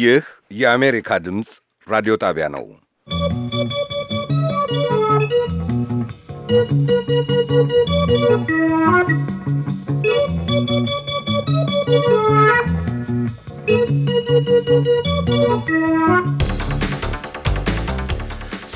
Yeh, የአሜሪካ America ራዲዮ ጣቢያ tabiano.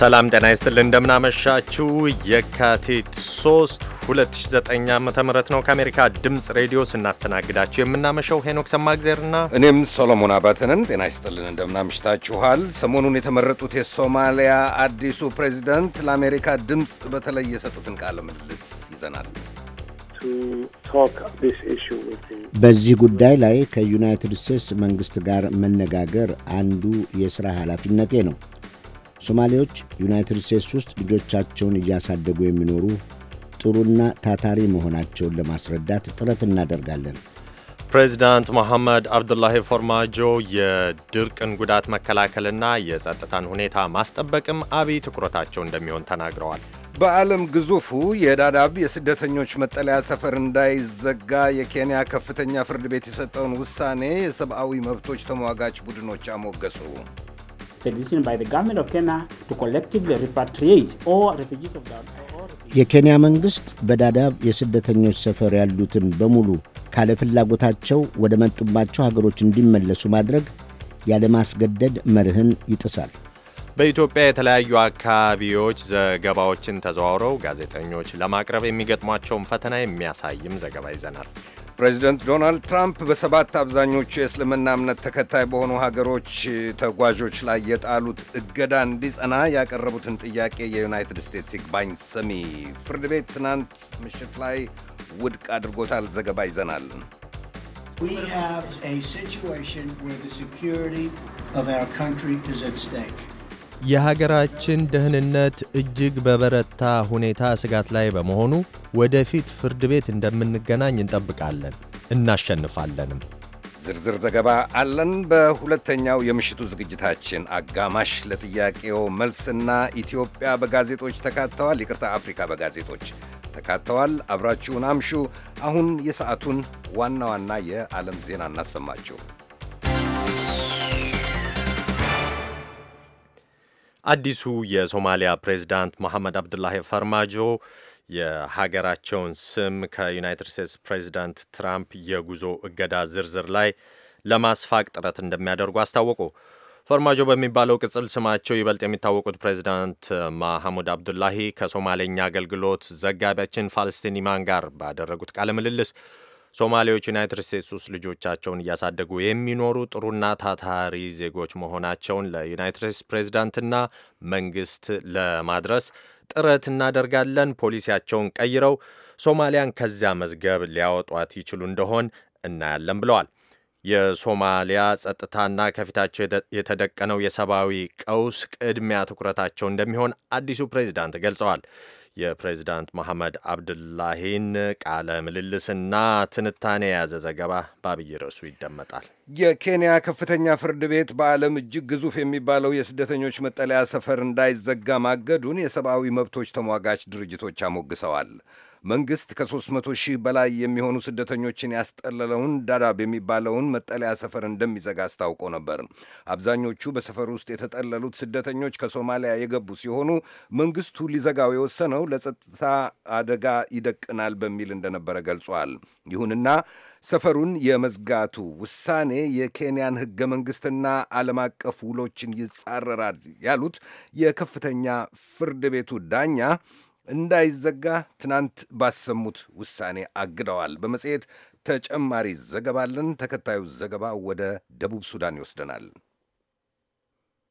ሰላም ጤና ይስጥልን። እንደምናመሻችሁ የካቲት 3 2009 ዓ ም ነው ከአሜሪካ ድምፅ ሬዲዮ ስናስተናግዳችሁ የምናመሸው ሄኖክ ሰማግዜርና እኔም ሶሎሞን አባተንን። ጤና ይስጥልን፣ እንደምናምሽታችኋል። ሰሞኑን የተመረጡት የሶማሊያ አዲሱ ፕሬዚዳንት ለአሜሪካ ድምፅ በተለይ የሰጡትን ቃለ ምልልስ ይዘናል። በዚህ ጉዳይ ላይ ከዩናይትድ ስቴትስ መንግሥት ጋር መነጋገር አንዱ የሥራ ኃላፊነቴ ነው። ሶማሌዎች ዩናይትድ ስቴትስ ውስጥ ልጆቻቸውን እያሳደጉ የሚኖሩ ጥሩና ታታሪ መሆናቸውን ለማስረዳት ጥረት እናደርጋለን። ፕሬዚዳንት መሐመድ አብዱላሂ ፎርማጆ የድርቅን ጉዳት መከላከልና የጸጥታን ሁኔታ ማስጠበቅም አብይ ትኩረታቸው እንደሚሆን ተናግረዋል። በዓለም ግዙፉ የዳዳብ የስደተኞች መጠለያ ሰፈር እንዳይዘጋ የኬንያ ከፍተኛ ፍርድ ቤት የሰጠውን ውሳኔ የሰብአዊ መብቶች ተሟጋች ቡድኖች አሞገሱ። The decision by the government of Kenya to collectively repatriate all refugees of the የኬንያ መንግሥት በዳዳብ የስደተኞች ሰፈር ያሉትን በሙሉ ካለ ፍላጎታቸው ወደ መጡባቸው ሀገሮች እንዲመለሱ ማድረግ ያለማስገደድ መርህን ይጥሳል። በኢትዮጵያ የተለያዩ አካባቢዎች ዘገባዎችን ተዘዋውረው ጋዜጠኞች ለማቅረብ የሚገጥሟቸውን ፈተና የሚያሳይም ዘገባ ይዘናል። ፕሬዚደንት ዶናልድ ትራምፕ በሰባት አብዛኞቹ የእስልምና እምነት ተከታይ በሆኑ ሀገሮች ተጓዦች ላይ የጣሉት እገዳ እንዲጸና ያቀረቡትን ጥያቄ የዩናይትድ ስቴትስ ይግባኝ ሰሚ ፍርድ ቤት ትናንት ምሽት ላይ ውድቅ አድርጎታል። ዘገባ ይዘናል። We have a situation where the security of our country is at stake. የሀገራችን ደህንነት እጅግ በበረታ ሁኔታ ስጋት ላይ በመሆኑ ወደፊት ፍርድ ቤት እንደምንገናኝ እንጠብቃለን፣ እናሸንፋለንም። ዝርዝር ዘገባ አለን። በሁለተኛው የምሽቱ ዝግጅታችን አጋማሽ ለጥያቄው መልስና ኢትዮጵያ በጋዜጦች ተካተዋል። ይቅርታ አፍሪካ በጋዜጦች ተካተዋል። አብራችሁን አምሹ። አሁን የሰዓቱን ዋና ዋና የዓለም ዜና እናሰማችሁ። አዲሱ የሶማሊያ ፕሬዚዳንት መሐመድ አብዱላሂ ፈርማጆ የሀገራቸውን ስም ከዩናይትድ ስቴትስ ፕሬዚዳንት ትራምፕ የጉዞ እገዳ ዝርዝር ላይ ለማስፋቅ ጥረት እንደሚያደርጉ አስታወቁ። ፈርማጆ በሚባለው ቅጽል ስማቸው ይበልጥ የሚታወቁት ፕሬዚዳንት ማሐሙድ አብዱላሂ ከሶማሌኛ አገልግሎት ዘጋቢያችን ፋለስቲን ኢማን ጋር ባደረጉት ቃለ ምልልስ ሶማሌዎች ዩናይትድ ስቴትስ ውስጥ ልጆቻቸውን እያሳደጉ የሚኖሩ ጥሩና ታታሪ ዜጎች መሆናቸውን ለዩናይትድ ስቴትስ ፕሬዚዳንትና መንግስት ለማድረስ ጥረት እናደርጋለን። ፖሊሲያቸውን ቀይረው ሶማሊያን ከዚያ መዝገብ ሊያወጧት ይችሉ እንደሆን እናያለን ብለዋል። የሶማሊያ ጸጥታና ከፊታቸው የተደቀነው የሰብአዊ ቀውስ ቅድሚያ ትኩረታቸው እንደሚሆን አዲሱ ፕሬዚዳንት ገልጸዋል። የፕሬዚዳንት መሐመድ አብድላሂን ቃለ ምልልስና ትንታኔ የያዘ ዘገባ በአብይ ርዕሱ ይደመጣል። የኬንያ ከፍተኛ ፍርድ ቤት በዓለም እጅግ ግዙፍ የሚባለው የስደተኞች መጠለያ ሰፈር እንዳይዘጋ ማገዱን የሰብአዊ መብቶች ተሟጋች ድርጅቶች አሞግሰዋል። መንግስት ከ300 ሺህ በላይ የሚሆኑ ስደተኞችን ያስጠለለውን ዳዳብ የሚባለውን መጠለያ ሰፈር እንደሚዘጋ አስታውቆ ነበር። አብዛኞቹ በሰፈር ውስጥ የተጠለሉት ስደተኞች ከሶማሊያ የገቡ ሲሆኑ መንግስቱ ሊዘጋው የወሰነው ለጸጥታ አደጋ ይደቅናል በሚል እንደነበረ ገልጿል። ይሁንና ሰፈሩን የመዝጋቱ ውሳኔ የኬንያን ህገ መንግስትና ዓለም አቀፍ ውሎችን ይጻረራል ያሉት የከፍተኛ ፍርድ ቤቱ ዳኛ እንዳይዘጋ ትናንት ባሰሙት ውሳኔ አግደዋል። በመጽሔት ተጨማሪ ዘገባለን። ተከታዩ ዘገባ ወደ ደቡብ ሱዳን ይወስደናል።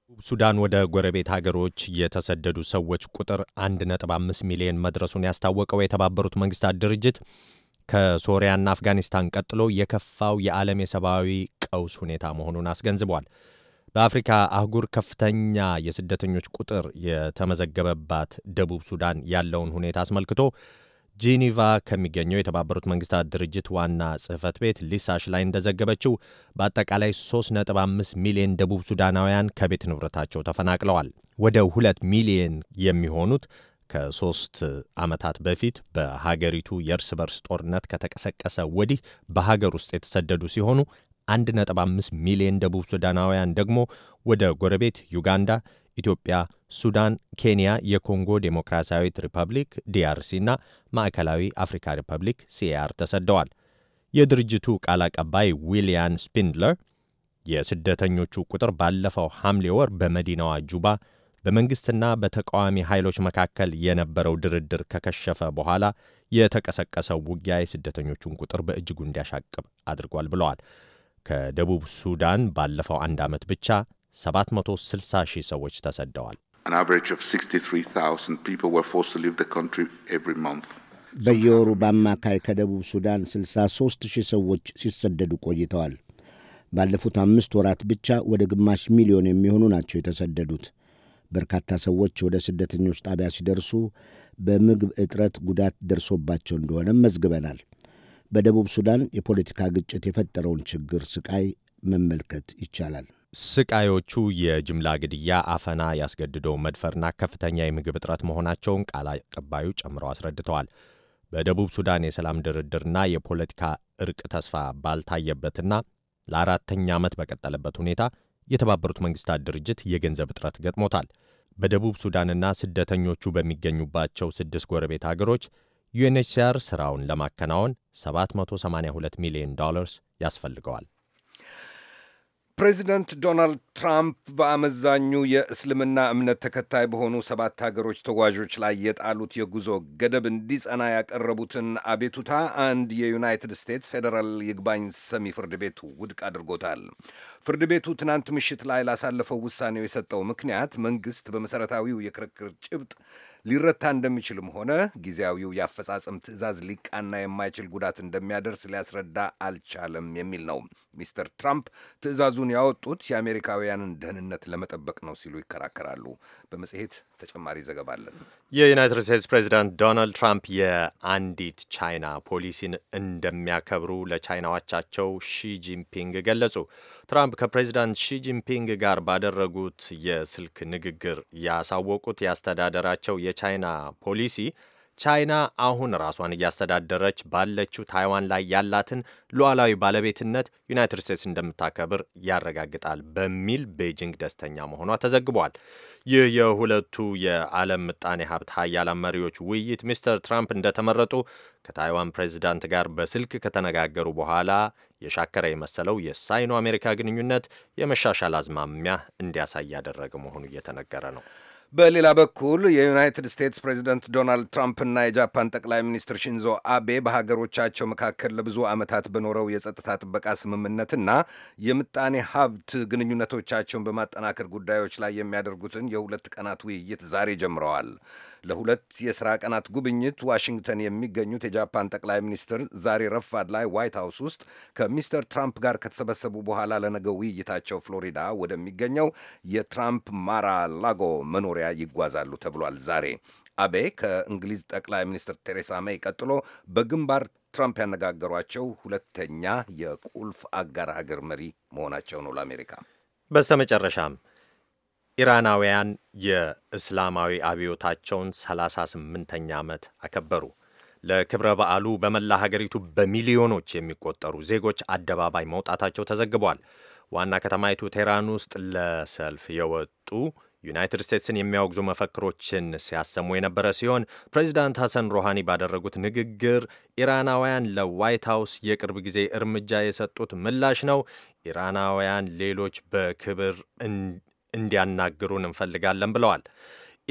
ደቡብ ሱዳን ወደ ጎረቤት ሀገሮች የተሰደዱ ሰዎች ቁጥር 1.5 ሚሊዮን መድረሱን ያስታወቀው የተባበሩት መንግስታት ድርጅት ከሶሪያና አፍጋኒስታን ቀጥሎ የከፋው የዓለም የሰብአዊ ቀውስ ሁኔታ መሆኑን አስገንዝቧል። በአፍሪካ አህጉር ከፍተኛ የስደተኞች ቁጥር የተመዘገበባት ደቡብ ሱዳን ያለውን ሁኔታ አስመልክቶ ጂኒቫ ከሚገኘው የተባበሩት መንግስታት ድርጅት ዋና ጽህፈት ቤት ሊሳሽ ላይ እንደዘገበችው በአጠቃላይ 3.5 ሚሊዮን ደቡብ ሱዳናውያን ከቤት ንብረታቸው ተፈናቅለዋል። ወደ 2 ሚሊዮን የሚሆኑት ከሶስት ዓመታት በፊት በሀገሪቱ የእርስ በርስ ጦርነት ከተቀሰቀሰ ወዲህ በሀገር ውስጥ የተሰደዱ ሲሆኑ 1.5 ሚሊዮን ደቡብ ሱዳናውያን ደግሞ ወደ ጎረቤት ዩጋንዳ፣ ኢትዮጵያ፣ ሱዳን፣ ኬንያ፣ የኮንጎ ዴሞክራሲያዊት ሪፐብሊክ ዲአርሲ እና ማዕከላዊ አፍሪካ ሪፐብሊክ ሲኤአር ተሰደዋል። የድርጅቱ ቃል አቀባይ ዊልያን ስፒንድለር የስደተኞቹ ቁጥር ባለፈው ሐምሌ ወር በመዲናዋ ጁባ በመንግሥትና በተቃዋሚ ኃይሎች መካከል የነበረው ድርድር ከከሸፈ በኋላ የተቀሰቀሰው ውጊያ የስደተኞቹን ቁጥር በእጅጉ እንዲያሻቅብ አድርጓል ብለዋል። ከደቡብ ሱዳን ባለፈው አንድ ዓመት ብቻ 760 ሺህ ሰዎች ተሰደዋል። በየወሩ በአማካይ ከደቡብ ሱዳን 63 ሺህ ሰዎች ሲሰደዱ ቆይተዋል። ባለፉት አምስት ወራት ብቻ ወደ ግማሽ ሚሊዮን የሚሆኑ ናቸው የተሰደዱት። በርካታ ሰዎች ወደ ስደተኞች ጣቢያ ሲደርሱ በምግብ እጥረት ጉዳት ደርሶባቸው እንደሆነም መዝግበናል። በደቡብ ሱዳን የፖለቲካ ግጭት የፈጠረውን ችግር ስቃይ መመልከት ይቻላል። ስቃዮቹ የጅምላ ግድያ፣ አፈና፣ ያስገድዶ መድፈርና ከፍተኛ የምግብ እጥረት መሆናቸውን ቃል አቀባዩ ጨምረው አስረድተዋል። በደቡብ ሱዳን የሰላም ድርድርና የፖለቲካ እርቅ ተስፋ ባልታየበትና ለአራተኛ ዓመት በቀጠለበት ሁኔታ የተባበሩት መንግስታት ድርጅት የገንዘብ እጥረት ገጥሞታል። በደቡብ ሱዳንና ስደተኞቹ በሚገኙባቸው ስድስት ጎረቤት አገሮች ዩኤንኤችሲአር ሥራውን ለማከናወን 782 ሚሊዮን ዶላርስ ያስፈልገዋል። ፕሬዚደንት ዶናልድ ትራምፕ በአመዛኙ የእስልምና እምነት ተከታይ በሆኑ ሰባት ሀገሮች ተጓዦች ላይ የጣሉት የጉዞ ገደብ እንዲጸና ያቀረቡትን አቤቱታ አንድ የዩናይትድ ስቴትስ ፌዴራል ይግባኝ ሰሚ ፍርድ ቤት ውድቅ አድርጎታል። ፍርድ ቤቱ ትናንት ምሽት ላይ ላሳለፈው ውሳኔው የሰጠው ምክንያት መንግሥት በመሠረታዊው የክርክር ጭብጥ ሊረታ እንደሚችልም ሆነ ጊዜያዊው የአፈጻጸም ትዕዛዝ ሊቃና የማይችል ጉዳት እንደሚያደርስ ሊያስረዳ አልቻለም የሚል ነው። ሚስተር ትራምፕ ትዕዛዙን ያወጡት የአሜሪካውያንን ደህንነት ለመጠበቅ ነው ሲሉ ይከራከራሉ። በመጽሔት ተጨማሪ ዘገባ አለን። የዩናይትድ ስቴትስ ፕሬዚዳንት ዶናልድ ትራምፕ የአንዲት ቻይና ፖሊሲን እንደሚያከብሩ ለቻይናዎቻቸው ሺጂንፒንግ ገለጹ። ትራምፕ ከፕሬዚዳንት ሺጂንፒንግ ጋር ባደረጉት የስልክ ንግግር ያሳወቁት የአስተዳደራቸው የቻይና ፖሊሲ ቻይና አሁን ራሷን እያስተዳደረች ባለችው ታይዋን ላይ ያላትን ሉዓላዊ ባለቤትነት ዩናይትድ ስቴትስ እንደምታከብር ያረጋግጣል በሚል ቤጂንግ ደስተኛ መሆኗ ተዘግቧል። ይህ የሁለቱ የዓለም ምጣኔ ሀብት ሀያላን መሪዎች ውይይት ሚስተር ትራምፕ እንደተመረጡ ከታይዋን ፕሬዚዳንት ጋር በስልክ ከተነጋገሩ በኋላ የሻከረ የመሰለው የሳይኖ አሜሪካ ግንኙነት የመሻሻል አዝማሚያ እንዲያሳይ ያደረገ መሆኑ እየተነገረ ነው። በሌላ በኩል የዩናይትድ ስቴትስ ፕሬዚደንት ዶናልድ ትራምፕና የጃፓን ጠቅላይ ሚኒስትር ሽንዞ አቤ በሀገሮቻቸው መካከል ለብዙ ዓመታት በኖረው የጸጥታ ጥበቃ ስምምነትና የምጣኔ ሀብት ግንኙነቶቻቸውን በማጠናከር ጉዳዮች ላይ የሚያደርጉትን የሁለት ቀናት ውይይት ዛሬ ጀምረዋል። ለሁለት የሥራ ቀናት ጉብኝት ዋሽንግተን የሚገኙት የጃፓን ጠቅላይ ሚኒስትር ዛሬ ረፋድ ላይ ዋይት ሃውስ ውስጥ ከሚስተር ትራምፕ ጋር ከተሰበሰቡ በኋላ ለነገ ውይይታቸው ፍሎሪዳ ወደሚገኘው የትራምፕ ማራ ላጎ መኖሪያ ይጓዛሉ ተብሏል። ዛሬ አቤ ከእንግሊዝ ጠቅላይ ሚኒስትር ቴሬሳ ሜይ ቀጥሎ በግንባር ትራምፕ ያነጋገሯቸው ሁለተኛ የቁልፍ አጋር ሀገር መሪ መሆናቸው ነው ለአሜሪካ በስተመጨረሻም ኢራናውያን የእስላማዊ አብዮታቸውን 38ኛ ዓመት አከበሩ። ለክብረ በዓሉ በመላ ሀገሪቱ በሚሊዮኖች የሚቆጠሩ ዜጎች አደባባይ መውጣታቸው ተዘግቧል። ዋና ከተማይቱ ቴህራን ውስጥ ለሰልፍ የወጡ ዩናይትድ ስቴትስን የሚያወግዙ መፈክሮችን ሲያሰሙ የነበረ ሲሆን ፕሬዚዳንት ሐሰን ሮሃኒ ባደረጉት ንግግር ኢራናውያን ለዋይት ሀውስ የቅርብ ጊዜ እርምጃ የሰጡት ምላሽ ነው፣ ኢራናውያን ሌሎች በክብር እንዲያናግሩን እንፈልጋለን ብለዋል።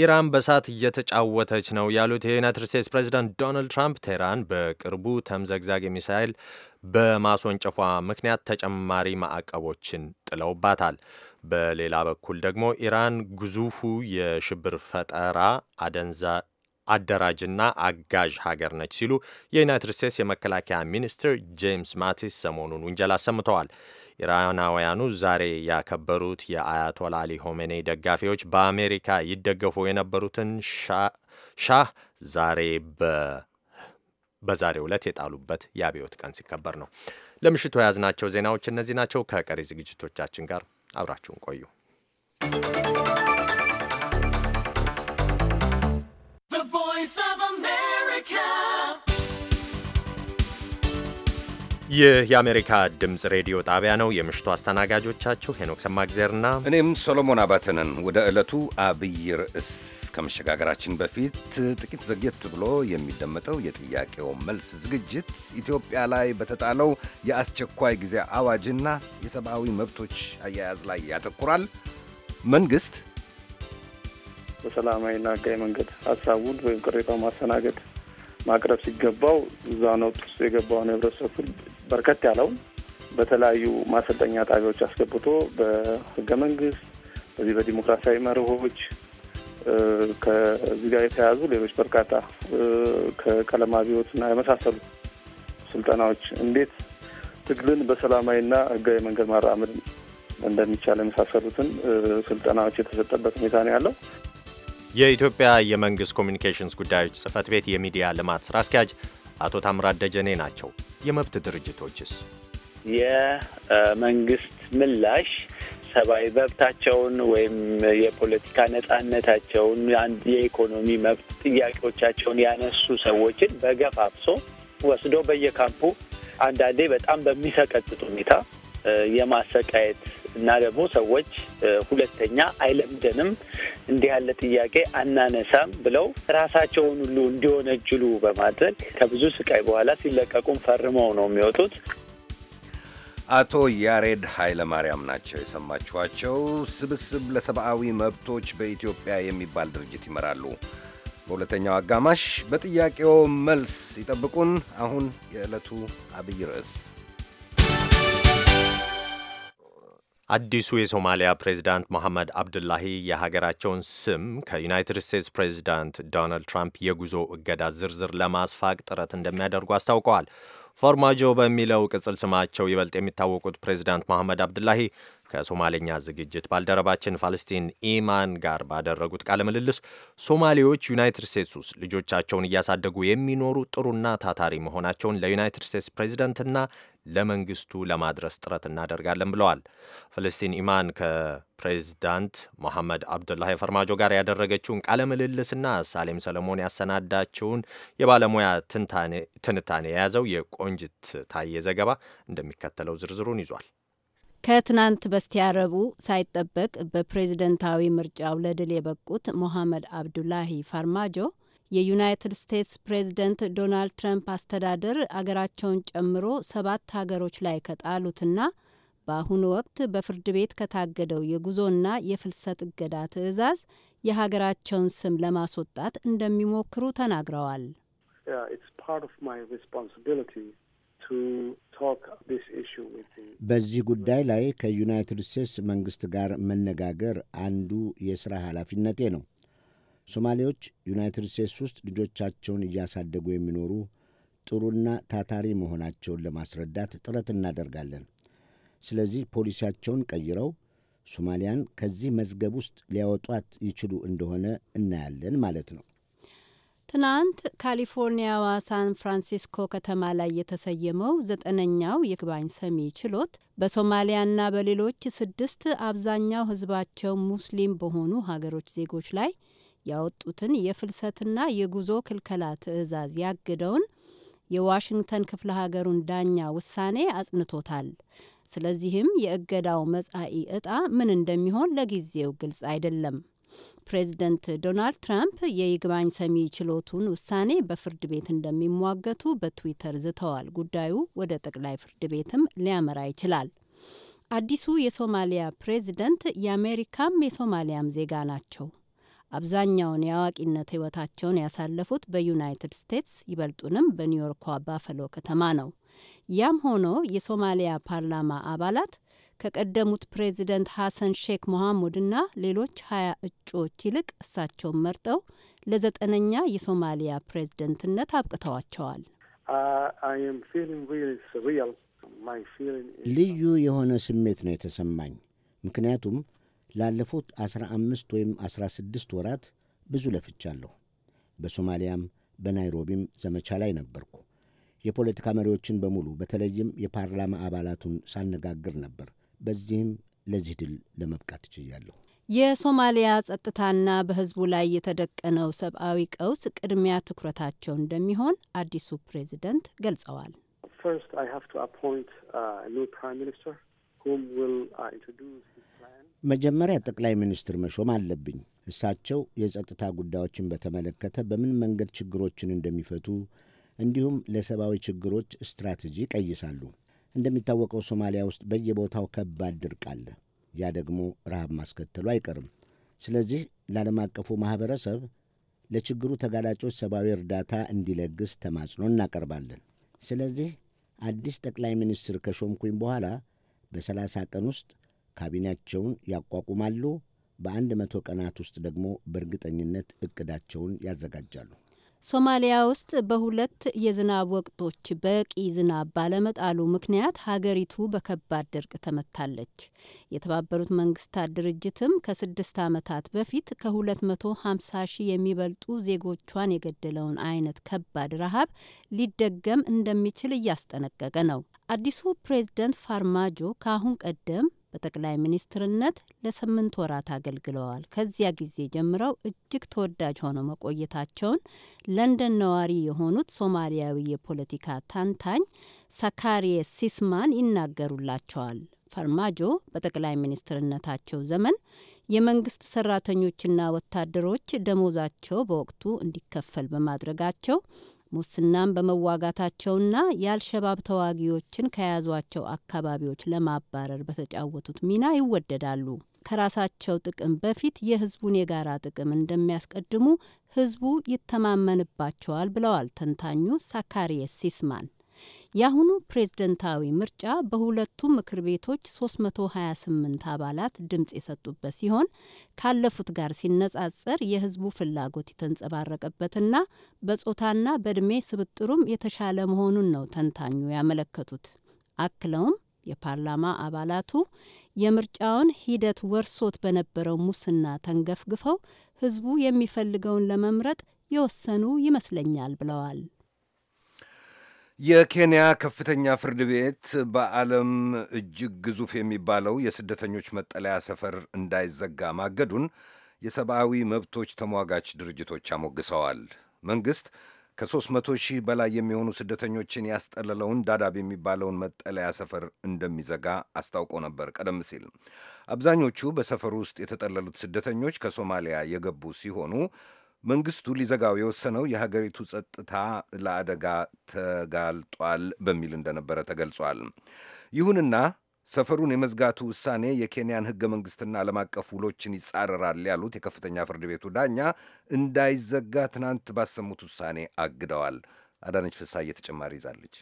ኢራን በእሳት እየተጫወተች ነው ያሉት የዩናይትድ ስቴትስ ፕሬዚዳንት ዶናልድ ትራምፕ ቴህራን በቅርቡ ተምዘግዛግ ሚሳይል በማስወንጨፏ ምክንያት ተጨማሪ ማዕቀቦችን ጥለውባታል። በሌላ በኩል ደግሞ ኢራን ግዙፉ የሽብር ፈጠራ አደንዛ አደራጅና አጋዥ ሀገር ነች ሲሉ የዩናይትድ ስቴትስ የመከላከያ ሚኒስትር ጄምስ ማቲስ ሰሞኑን ውንጀላ አሰምተዋል። ኢራናውያኑ ዛሬ ያከበሩት የአያቶላ አሊ ሆሜኔ ደጋፊዎች በአሜሪካ ይደገፉ የነበሩትን ሻህ ዛሬ በዛሬው ዕለት የጣሉበት የአብዮት ቀን ሲከበር ነው። ለምሽቱ የያዝናቸው ዜናዎች እነዚህ ናቸው። ከቀሪ ዝግጅቶቻችን ጋር አብራችሁን ቆዩ። ይህ የአሜሪካ ድምፅ ሬዲዮ ጣቢያ ነው። የምሽቱ አስተናጋጆቻችሁ ሄኖክ ሰማግዜርና እኔም ሶሎሞን አባተንን። ወደ ዕለቱ አብይ ርዕስ ከመሸጋገራችን በፊት ጥቂት ዘግየት ብሎ የሚደመጠው የጥያቄው መልስ ዝግጅት ኢትዮጵያ ላይ በተጣለው የአስቸኳይ ጊዜ አዋጅና የሰብአዊ መብቶች አያያዝ ላይ ያተኩራል። መንግስት በሰላማዊና ሕጋዊ መንገድ ሀሳቡን ወይም ቅሬታው ማስተናገድ ማቅረብ ሲገባው እዛ ነው ጥርሱ የገባውን የህብረተሰብ በርከት ያለውን በተለያዩ ማሰልጠኛ ጣቢያዎች አስገብቶ በህገ መንግስት በዚህ በዲሞክራሲያዊ መርሆች ከዚህ ጋር የተያዙ ሌሎች በርካታ ከቀለም አብዮትና የመሳሰሉ ስልጠናዎች እንዴት ትግልን በሰላማዊና ህጋዊ መንገድ ማራመድ እንደሚቻል የመሳሰሉትን ስልጠናዎች የተሰጠበት ሁኔታ ነው ያለው። የኢትዮጵያ የመንግስት ኮሚኒኬሽንስ ጉዳዮች ጽህፈት ቤት የሚዲያ ልማት ስራ አስኪያጅ አቶ ታምራት ደጀኔ ናቸው። የመብት ድርጅቶችስ የመንግስት ምላሽ ሰብአዊ መብታቸውን ወይም የፖለቲካ ነጻነታቸውን፣ የኢኮኖሚ መብት ጥያቄዎቻቸውን ያነሱ ሰዎችን በገፋፍሶ ወስዶ በየካምፑ አንዳንዴ በጣም በሚሰቀጥጥ ሁኔታ የማሰቃየት እና ደግሞ ሰዎች ሁለተኛ አይለምደንም፣ እንዲህ ያለ ጥያቄ አናነሳም ብለው ራሳቸውን ሁሉ እንዲወነጅሉ በማድረግ ከብዙ ስቃይ በኋላ ሲለቀቁም ፈርመው ነው የሚወጡት። አቶ ያሬድ ኃይለ ማርያም ናቸው የሰማችኋቸው። ስብስብ ለሰብአዊ መብቶች በኢትዮጵያ የሚባል ድርጅት ይመራሉ። በሁለተኛው አጋማሽ በጥያቄው መልስ ይጠብቁን። አሁን የዕለቱ አብይ ርዕስ አዲሱ የሶማሊያ ፕሬዚዳንት መሐመድ አብዱላሂ የሀገራቸውን ስም ከዩናይትድ ስቴትስ ፕሬዚዳንት ዶናልድ ትራምፕ የጉዞ እገዳ ዝርዝር ለማስፋቅ ጥረት እንደሚያደርጉ አስታውቀዋል። ፎርማጆ በሚለው ቅጽል ስማቸው ይበልጥ የሚታወቁት ፕሬዚዳንት መሐመድ አብዱላሂ ከሶማሌኛ ዝግጅት ባልደረባችን ፋለስቲን ኢማን ጋር ባደረጉት ቃለ ምልልስ ሶማሌዎች ዩናይትድ ስቴትስ ውስጥ ልጆቻቸውን እያሳደጉ የሚኖሩ ጥሩና ታታሪ መሆናቸውን ለዩናይትድ ስቴትስ ፕሬዚደንትና ለመንግስቱ ለማድረስ ጥረት እናደርጋለን ብለዋል። ፈለስቲን ኢማን ከፕሬዚዳንት መሐመድ አብዱላሂ ፈርማጆ ጋር ያደረገችውን ቃለ ምልልስና ሳሌም ሰለሞን ያሰናዳችውን የባለሙያ ትንታኔ የያዘው የቆንጅት ታየ ዘገባ እንደሚከተለው ዝርዝሩን ይዟል። ከትናንት በስቲያ ረቡዕ ሳይጠበቅ በፕሬዝደንታዊ ምርጫው ለድል የበቁት ሞሐመድ አብዱላሂ ፋርማጆ የዩናይትድ ስቴትስ ፕሬዝደንት ዶናልድ ትራምፕ አስተዳደር አገራቸውን ጨምሮ ሰባት ሀገሮች ላይ ከጣሉትና በአሁኑ ወቅት በፍርድ ቤት ከታገደው የጉዞና የፍልሰት እገዳ ትዕዛዝ የሀገራቸውን ስም ለማስወጣት እንደሚሞክሩ ተናግረዋል። በዚህ ጉዳይ ላይ ከዩናይትድ ስቴትስ መንግሥት ጋር መነጋገር አንዱ የሥራ ኃላፊነቴ ነው። ሶማሌዎች ዩናይትድ ስቴትስ ውስጥ ልጆቻቸውን እያሳደጉ የሚኖሩ ጥሩና ታታሪ መሆናቸውን ለማስረዳት ጥረት እናደርጋለን። ስለዚህ ፖሊሲያቸውን ቀይረው ሶማሊያን ከዚህ መዝገብ ውስጥ ሊያወጧት ይችሉ እንደሆነ እናያለን ማለት ነው። ትናንት ካሊፎርኒያዋ ሳን ፍራንሲስኮ ከተማ ላይ የተሰየመው ዘጠነኛው ይግባኝ ሰሚ ችሎት በሶማሊያና በሌሎች ስድስት አብዛኛው ሕዝባቸው ሙስሊም በሆኑ ሀገሮች ዜጎች ላይ ያወጡትን የፍልሰትና የጉዞ ክልከላ ትዕዛዝ ያገደውን የዋሽንግተን ክፍለ ሀገሩን ዳኛ ውሳኔ አጽንቶታል። ስለዚህም የእገዳው መጻኢ ዕጣ ምን እንደሚሆን ለጊዜው ግልጽ አይደለም። ፕሬዚደንት ዶናልድ ትራምፕ የይግባኝ ሰሚ ችሎቱን ውሳኔ በፍርድ ቤት እንደሚሟገቱ በትዊተር ዝተዋል። ጉዳዩ ወደ ጠቅላይ ፍርድ ቤትም ሊያመራ ይችላል። አዲሱ የሶማሊያ ፕሬዚደንት የአሜሪካም የሶማሊያም ዜጋ ናቸው። አብዛኛውን የአዋቂነት ህይወታቸውን ያሳለፉት በዩናይትድ ስቴትስ ይበልጡንም በኒውዮርኳ ባፈሎ ከተማ ነው። ያም ሆኖ የሶማሊያ ፓርላማ አባላት ከቀደሙት ፕሬዚደንት ሐሰን ሼክ ሞሐሙድና ሌሎች ሀያ እጩዎች ይልቅ እሳቸውን መርጠው ለዘጠነኛ የሶማሊያ ፕሬዝደንትነት አብቅተዋቸዋል። ልዩ የሆነ ስሜት ነው የተሰማኝ። ምክንያቱም ላለፉት አስራ አምስት ወይም አስራ ስድስት ወራት ብዙ ለፍቻለሁ። በሶማሊያም በናይሮቢም ዘመቻ ላይ ነበርኩ። የፖለቲካ መሪዎችን በሙሉ በተለይም የፓርላማ አባላቱን ሳነጋግር ነበር። በዚህም ለዚህ ድል ለመብቃት ችያለሁ። የሶማሊያ ጸጥታና በህዝቡ ላይ የተደቀነው ሰብአዊ ቀውስ ቅድሚያ ትኩረታቸው እንደሚሆን አዲሱ ፕሬዚደንት ገልጸዋል። uh, uh, መጀመሪያ ጠቅላይ ሚኒስትር መሾም አለብኝ። እሳቸው የጸጥታ ጉዳዮችን በተመለከተ በምን መንገድ ችግሮችን እንደሚፈቱ እንዲሁም ለሰብአዊ ችግሮች ስትራቴጂ ይቀይሳሉ። እንደሚታወቀው ሶማሊያ ውስጥ በየቦታው ከባድ ድርቅ አለ። ያ ደግሞ ረሃብ ማስከተሉ አይቀርም። ስለዚህ ለዓለም አቀፉ ማኅበረሰብ ለችግሩ ተጋላጮች ሰብአዊ እርዳታ እንዲለግስ ተማጽኖ እናቀርባለን። ስለዚህ አዲስ ጠቅላይ ሚኒስትር ከሾምኩኝ በኋላ በሰላሳ ቀን ውስጥ ካቢኔያቸውን ያቋቁማሉ። በአንድ መቶ ቀናት ውስጥ ደግሞ በእርግጠኝነት እቅዳቸውን ያዘጋጃሉ። ሶማሊያ ውስጥ በሁለት የዝናብ ወቅቶች በቂ ዝናብ ባለመጣሉ ምክንያት ሀገሪቱ በከባድ ድርቅ ተመታለች። የተባበሩት መንግስታት ድርጅትም ከስድስት ዓመታት በፊት ከ250 ሺህ የሚበልጡ ዜጎቿን የገደለውን አይነት ከባድ ረሃብ ሊደገም እንደሚችል እያስጠነቀቀ ነው። አዲሱ ፕሬዝደንት ፋርማጆ ከአሁን ቀደም በጠቅላይ ሚኒስትርነት ለስምንት ወራት አገልግለዋል። ከዚያ ጊዜ ጀምረው እጅግ ተወዳጅ ሆነው መቆየታቸውን ለንደን ነዋሪ የሆኑት ሶማሊያዊ የፖለቲካ ተንታኝ ሳካሪየ ሲስማን ይናገሩላቸዋል። ፈርማጆ በጠቅላይ ሚኒስትርነታቸው ዘመን የመንግስት ሰራተኞችና ወታደሮች ደሞዛቸው በወቅቱ እንዲከፈል በማድረጋቸው ሙስናን በመዋጋታቸውና የአልሸባብ ተዋጊዎችን ከያዟቸው አካባቢዎች ለማባረር በተጫወቱት ሚና ይወደዳሉ። ከራሳቸው ጥቅም በፊት የህዝቡን የጋራ ጥቅም እንደሚያስቀድሙ ህዝቡ ይተማመንባቸዋል ብለዋል ተንታኙ ሳካሪየስ ሲስማን። የአሁኑ ፕሬዝደንታዊ ምርጫ በሁለቱም ምክር ቤቶች 328 አባላት ድምፅ የሰጡበት ሲሆን ካለፉት ጋር ሲነጻጸር የህዝቡ ፍላጎት የተንጸባረቀበትና በጾታና በእድሜ ስብጥሩም የተሻለ መሆኑን ነው ተንታኙ ያመለከቱት። አክለውም የፓርላማ አባላቱ የምርጫውን ሂደት ወርሶት በነበረው ሙስና ተንገፍግፈው ህዝቡ የሚፈልገውን ለመምረጥ የወሰኑ ይመስለኛል ብለዋል። የኬንያ ከፍተኛ ፍርድ ቤት በዓለም እጅግ ግዙፍ የሚባለው የስደተኞች መጠለያ ሰፈር እንዳይዘጋ ማገዱን የሰብአዊ መብቶች ተሟጋች ድርጅቶች አሞግሰዋል። መንግሥት ከ300 ሺህ በላይ የሚሆኑ ስደተኞችን ያስጠለለውን ዳዳብ የሚባለውን መጠለያ ሰፈር እንደሚዘጋ አስታውቆ ነበር። ቀደም ሲል አብዛኞቹ በሰፈሩ ውስጥ የተጠለሉት ስደተኞች ከሶማሊያ የገቡ ሲሆኑ መንግስቱ ሊዘጋው የወሰነው የሀገሪቱ ጸጥታ ለአደጋ ተጋልጧል በሚል እንደነበረ ተገልጿል። ይሁንና ሰፈሩን የመዝጋቱ ውሳኔ የኬንያን ህገ መንግስትና ዓለም አቀፍ ውሎችን ይጻረራል ያሉት የከፍተኛ ፍርድ ቤቱ ዳኛ እንዳይዘጋ ትናንት ባሰሙት ውሳኔ አግደዋል። አዳነች ፍሳዬ ተጨማሪ ይዛለች።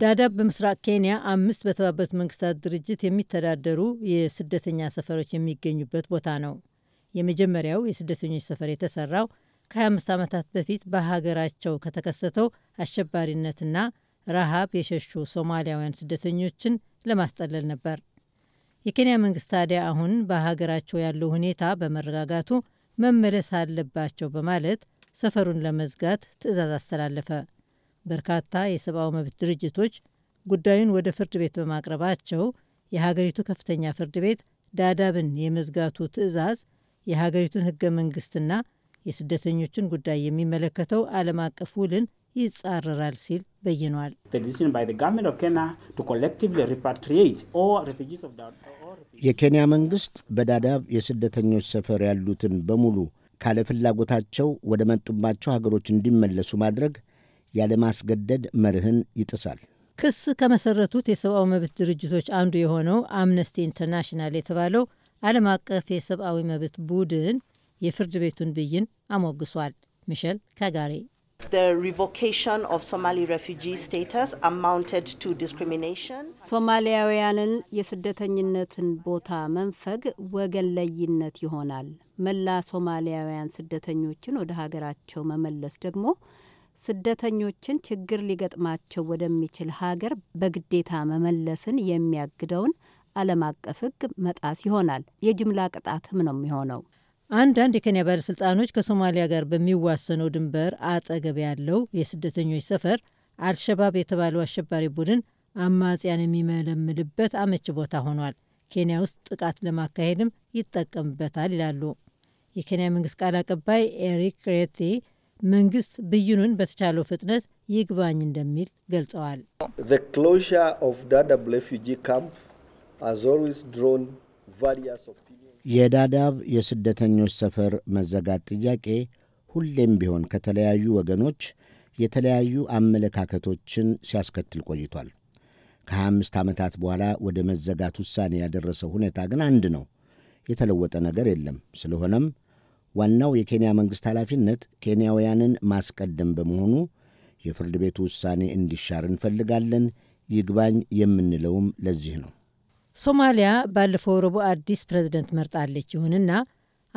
ዳዳብ በምስራቅ ኬንያ አምስት በተባበሩት መንግስታት ድርጅት የሚተዳደሩ የስደተኛ ሰፈሮች የሚገኙበት ቦታ ነው። የመጀመሪያው የስደተኞች ሰፈር የተሰራው ከ25 ዓመታት በፊት በሀገራቸው ከተከሰተው አሸባሪነትና ረሃብ የሸሹ ሶማሊያውያን ስደተኞችን ለማስጠለል ነበር። የኬንያ መንግስት ታዲያ አሁን በሀገራቸው ያለው ሁኔታ በመረጋጋቱ መመለስ አለባቸው በማለት ሰፈሩን ለመዝጋት ትዕዛዝ አስተላለፈ። በርካታ የሰብአዊ መብት ድርጅቶች ጉዳዩን ወደ ፍርድ ቤት በማቅረባቸው የሀገሪቱ ከፍተኛ ፍርድ ቤት ዳዳብን የመዝጋቱ ትዕዛዝ የሀገሪቱን ህገ መንግስትና የስደተኞችን ጉዳይ የሚመለከተው ዓለም አቀፍ ውልን ይጻረራል ሲል በይኗል። የኬንያ መንግሥት በዳዳብ የስደተኞች ሰፈር ያሉትን በሙሉ ካለፍላጎታቸው ወደ መጡባቸው ሀገሮች እንዲመለሱ ማድረግ ያለማስገደድ መርህን ይጥሳል። ክስ ከመሰረቱት የሰብአዊ መብት ድርጅቶች አንዱ የሆነው አምነስቲ ኢንተርናሽናል የተባለው ዓለም አቀፍ የሰብአዊ መብት ቡድን የፍርድ ቤቱን ብይን አሞግሷል። ሚሸል ካጋሬ ሶማሊያውያንን የስደተኝነትን ቦታ መንፈግ ወገን ለይነት ይሆናል። መላ ሶማሊያውያን ስደተኞችን ወደ ሀገራቸው መመለስ ደግሞ ስደተኞችን ችግር ሊገጥማቸው ወደሚችል ሀገር በግዴታ መመለስን የሚያግደውን ዓለም አቀፍ ሕግ መጣስ ይሆናል። የጅምላ ቅጣትም ነው የሚሆነው። አንዳንድ የኬንያ ባለሥልጣኖች ከሶማሊያ ጋር በሚዋሰነው ድንበር አጠገብ ያለው የስደተኞች ሰፈር አልሸባብ የተባለው አሸባሪ ቡድን አማጽያን የሚመለምልበት አመች ቦታ ሆኗል፣ ኬንያ ውስጥ ጥቃት ለማካሄድም ይጠቀምበታል ይላሉ። የኬንያ መንግስት ቃል አቀባይ ኤሪክ ሬቲ መንግስት ብይኑን በተቻለው ፍጥነት ይግባኝ እንደሚል ገልጸዋል። የዳዳብ የስደተኞች ሰፈር መዘጋት ጥያቄ ሁሌም ቢሆን ከተለያዩ ወገኖች የተለያዩ አመለካከቶችን ሲያስከትል ቆይቷል። ከ25 ዓመታት በኋላ ወደ መዘጋት ውሳኔ ያደረሰው ሁኔታ ግን አንድ ነው። የተለወጠ ነገር የለም። ስለሆነም ዋናው የኬንያ መንግሥት ኃላፊነት ኬንያውያንን ማስቀደም በመሆኑ የፍርድ ቤቱ ውሳኔ እንዲሻር እንፈልጋለን። ይግባኝ የምንለውም ለዚህ ነው። ሶማሊያ ባለፈው ረቡዕ አዲስ ፕሬዝደንት መርጣለች። ይሁንና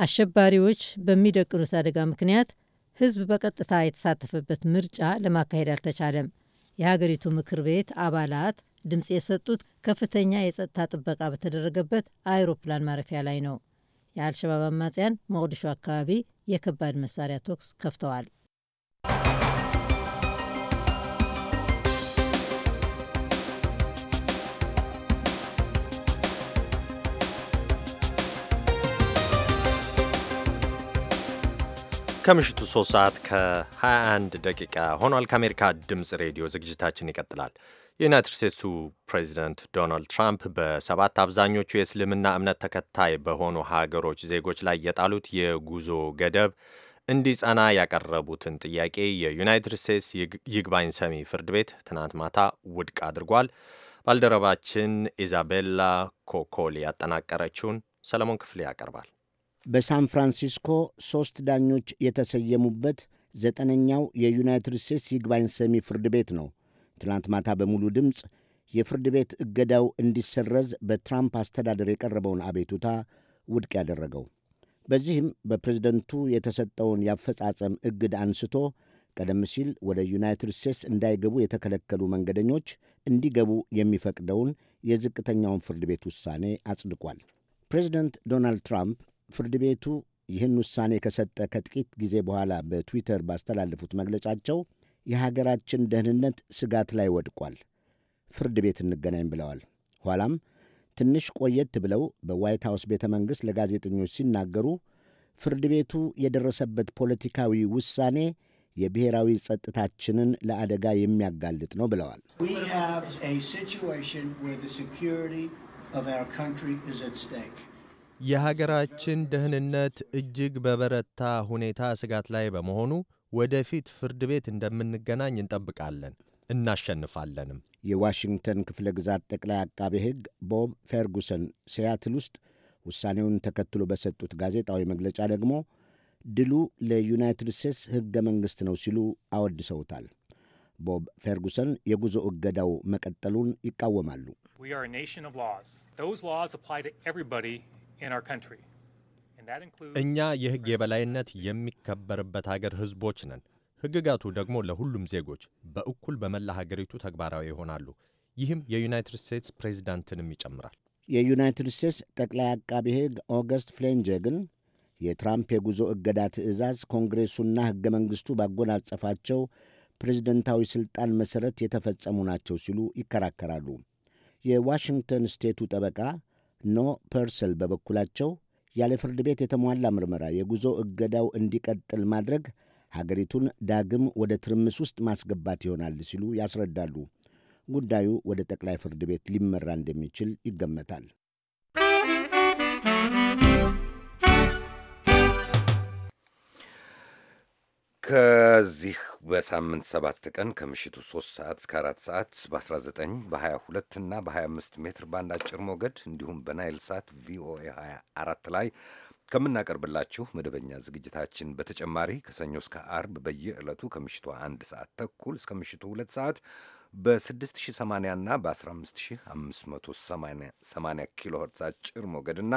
አሸባሪዎች በሚደቅኑት አደጋ ምክንያት ህዝብ በቀጥታ የተሳተፈበት ምርጫ ለማካሄድ አልተቻለም። የሀገሪቱ ምክር ቤት አባላት ድምፅ የሰጡት ከፍተኛ የጸጥታ ጥበቃ በተደረገበት አይሮፕላን ማረፊያ ላይ ነው። የአልሸባብ አማጽያን ሞቅዲሾ አካባቢ የከባድ መሳሪያ ተኩስ ከፍተዋል። ከምሽቱ 3 ሰዓት ከ21 ደቂቃ ሆኗል። ከአሜሪካ ድምፅ ሬዲዮ ዝግጅታችን ይቀጥላል። የዩናይትድ ስቴትሱ ፕሬዚደንት ዶናልድ ትራምፕ በሰባት አብዛኞቹ የእስልምና እምነት ተከታይ በሆኑ ሀገሮች ዜጎች ላይ የጣሉት የጉዞ ገደብ እንዲጸና ያቀረቡትን ጥያቄ የዩናይትድ ስቴትስ ይግባኝ ሰሚ ፍርድ ቤት ትናንት ማታ ውድቅ አድርጓል። ባልደረባችን ኢዛቤላ ኮኮል ያጠናቀረችውን ሰለሞን ክፍሌ ያቀርባል። በሳን ፍራንሲስኮ ሦስት ዳኞች የተሰየሙበት ዘጠነኛው የዩናይትድ ስቴትስ ይግባኝ ሰሚ ፍርድ ቤት ነው ትናንት ማታ በሙሉ ድምፅ የፍርድ ቤት እገዳው እንዲሰረዝ በትራምፕ አስተዳደር የቀረበውን አቤቱታ ውድቅ ያደረገው። በዚህም በፕሬዝደንቱ የተሰጠውን የአፈጻጸም እግድ አንስቶ ቀደም ሲል ወደ ዩናይትድ ስቴትስ እንዳይገቡ የተከለከሉ መንገደኞች እንዲገቡ የሚፈቅደውን የዝቅተኛውን ፍርድ ቤት ውሳኔ አጽድቋል። ፕሬዝደንት ዶናልድ ትራምፕ ፍርድ ቤቱ ይህን ውሳኔ ከሰጠ ከጥቂት ጊዜ በኋላ በትዊተር ባስተላለፉት መግለጫቸው የሀገራችን ደህንነት ስጋት ላይ ወድቋል፣ ፍርድ ቤት እንገናኝ ብለዋል። ኋላም ትንሽ ቆየት ብለው በዋይት ሀውስ ቤተ መንግሥት ለጋዜጠኞች ሲናገሩ ፍርድ ቤቱ የደረሰበት ፖለቲካዊ ውሳኔ የብሔራዊ ጸጥታችንን ለአደጋ የሚያጋልጥ ነው ብለዋል። የሀገራችን ደህንነት እጅግ በበረታ ሁኔታ ስጋት ላይ በመሆኑ ወደፊት ፍርድ ቤት እንደምንገናኝ እንጠብቃለን፣ እናሸንፋለንም። የዋሽንግተን ክፍለ ግዛት ጠቅላይ አቃቤ ሕግ ቦብ ፌርጉሰን ሲያትል ውስጥ ውሳኔውን ተከትሎ በሰጡት ጋዜጣዊ መግለጫ ደግሞ ድሉ ለዩናይትድ ስቴትስ ሕገ መንግሥት ነው ሲሉ አወድሰውታል። ቦብ ፌርጉሰን የጉዞ እገዳው መቀጠሉን ይቃወማሉ። እኛ የሕግ የበላይነት የሚከበርበት አገር ሕዝቦች ነን። ሕግጋቱ ደግሞ ለሁሉም ዜጎች በእኩል በመላ ሀገሪቱ ተግባራዊ ይሆናሉ። ይህም የዩናይትድ ስቴትስ ፕሬዚዳንትንም ይጨምራል። የዩናይትድ ስቴትስ ጠቅላይ አቃቢ ሕግ ኦገስት ፍሌንጀ ግን የትራምፕ የጉዞ እገዳ ትዕዛዝ ኮንግሬሱና ሕገ መንግሥቱ ባጎናጸፋቸው ፕሬዝደንታዊ ሥልጣን መሠረት የተፈጸሙ ናቸው ሲሉ ይከራከራሉ። የዋሽንግተን ስቴቱ ጠበቃ ኖ ፐርሰል በበኩላቸው ያለ ፍርድ ቤት የተሟላ ምርመራ የጉዞ እገዳው እንዲቀጥል ማድረግ ሀገሪቱን ዳግም ወደ ትርምስ ውስጥ ማስገባት ይሆናል ሲሉ ያስረዳሉ። ጉዳዩ ወደ ጠቅላይ ፍርድ ቤት ሊመራ እንደሚችል ይገመታል። ከዚህ በሳምንት ሰባት ቀን ከምሽቱ 3 ሰዓት እስከ 4 ሰዓት በ19 በ22 እና በ25 ሜትር ባንድ አጭር ሞገድ እንዲሁም በናይል ሳት ቪኦኤ 24 ላይ ከምናቀርብላችሁ መደበኛ ዝግጅታችን በተጨማሪ ከሰኞ እስከ አርብ በየዕለቱ ከምሽቱ አንድ ሰዓት ተኩል እስከ ምሽቱ ሁለት ሰዓት በ6080 እና በ15580 ኪሎ ሄርትዝ አጭር ሞገድና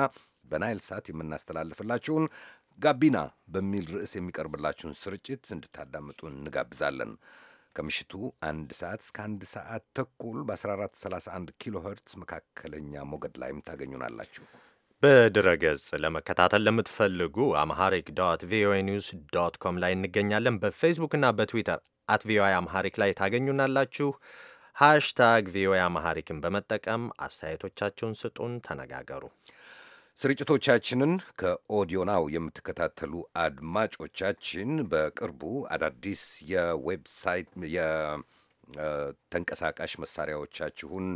በናይል ሳት የምናስተላልፍላችሁን ጋቢና በሚል ርዕስ የሚቀርብላችሁን ስርጭት እንድታዳምጡ እንጋብዛለን። ከምሽቱ አንድ ሰዓት እስከ አንድ ሰዓት ተኩል በ1431 ኪሎ ኸርትዝ መካከለኛ ሞገድ ላይም ታገኙናላችሁ። በድረገጽ ለመከታተል ለምትፈልጉ አምሃሪክ ዶት ቪኦኤ ኒውስ ዶት ኮም ላይ እንገኛለን። በፌስቡክና በትዊተር አት ቪኦኤ አምሃሪክ ላይ ታገኙናላችሁ። ሃሽታግ ቪኦኤ አምሃሪክን በመጠቀም አስተያየቶቻችሁን ስጡን፣ ተነጋገሩ። ስርጭቶቻችንን ከኦዲዮ ናው የምትከታተሉ አድማጮቻችን በቅርቡ አዳዲስ የዌብሳይት የተንቀሳቃሽ መሳሪያዎቻችሁን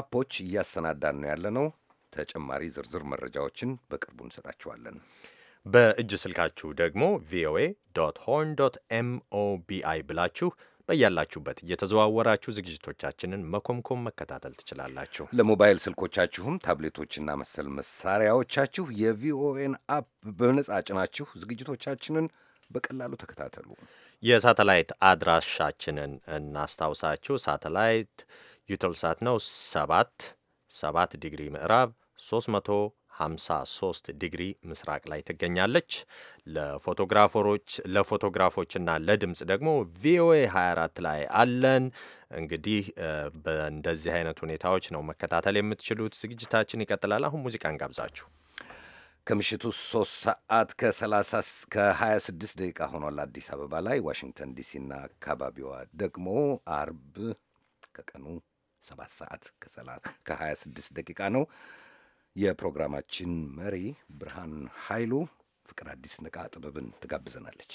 አፖች እያሰናዳን ነው ያለ ነው። ተጨማሪ ዝርዝር መረጃዎችን በቅርቡ እንሰጣችኋለን። በእጅ ስልካችሁ ደግሞ ቪኦኤ ዶት ሆርን ዶት ኤምኦቢአይ ብላችሁ በያላችሁበት እየተዘዋወራችሁ ዝግጅቶቻችንን መኮምኮም መከታተል ትችላላችሁ። ለሞባይል ስልኮቻችሁም ታብሌቶችና መሰል መሳሪያዎቻችሁ የቪኦኤን አፕ በነጻ ጭናችሁ ዝግጅቶቻችንን በቀላሉ ተከታተሉ። የሳተላይት አድራሻችንን እናስታውሳችሁ። ሳተላይት ዩተልሳት ነው። ሰባት ሰባት ዲግሪ ምዕራብ 300 53 ዲግሪ ምስራቅ ላይ ትገኛለች። ለፎቶግራፈሮች ለፎቶግራፎችና ለድምፅ ደግሞ ቪኦኤ 24 ላይ አለን። እንግዲህ በእንደዚህ አይነት ሁኔታዎች ነው መከታተል የምትችሉት። ዝግጅታችን ይቀጥላል። አሁን ሙዚቃን ጋብዛችሁ ከምሽቱ 3 ሰዓት ከ26 ደቂቃ ሆኗል አዲስ አበባ ላይ። ዋሽንግተን ዲሲና አካባቢዋ ደግሞ አርብ ከቀኑ 7 ሰዓት ከ26 ደቂቃ ነው። የፕሮግራማችን መሪ ብርሃን ኃይሉ ፍቅር አዲስ ንቃ ጥበብን ትጋብዘናለች።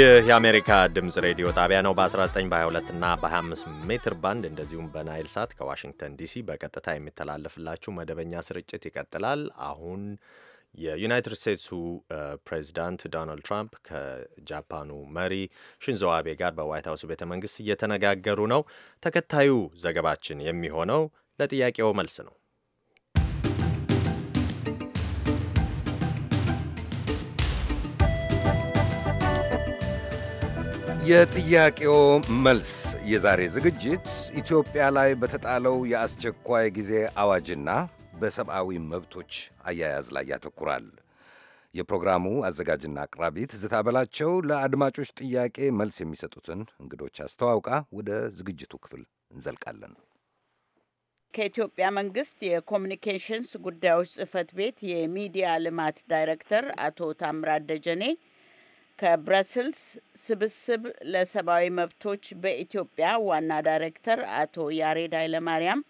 ይህ የአሜሪካ ድምፅ ሬዲዮ ጣቢያ ነው። በ19 በ22 እና በ25 ሜትር ባንድ እንደዚሁም በናይል ሳት ከዋሽንግተን ዲሲ በቀጥታ የሚተላለፍላችሁ መደበኛ ስርጭት ይቀጥላል። አሁን የዩናይትድ ስቴትሱ ፕሬዚዳንት ዶናልድ ትራምፕ ከጃፓኑ መሪ ሽንዞ አቤ ጋር በዋይት ሀውስ ቤተ መንግስት እየተነጋገሩ ነው። ተከታዩ ዘገባችን የሚሆነው ለጥያቄው መልስ ነው። የጥያቄው መልስ የዛሬ ዝግጅት ኢትዮጵያ ላይ በተጣለው የአስቸኳይ ጊዜ አዋጅና በሰብአዊ መብቶች አያያዝ ላይ ያተኩራል። የፕሮግራሙ አዘጋጅና አቅራቢ ትዝታ በላቸው ለአድማጮች ጥያቄ መልስ የሚሰጡትን እንግዶች አስተዋውቃ ወደ ዝግጅቱ ክፍል እንዘልቃለን። ከኢትዮጵያ መንግስት የኮሚኒኬሽንስ ጉዳዮች ጽህፈት ቤት የሚዲያ ልማት ዳይሬክተር አቶ ታምራት ደጀኔ ከብረስልስ ስብስብ ለሰብአዊ መብቶች በኢትዮጵያ ዋና ዳይሬክተር አቶ ያሬድ ኃይለማርያም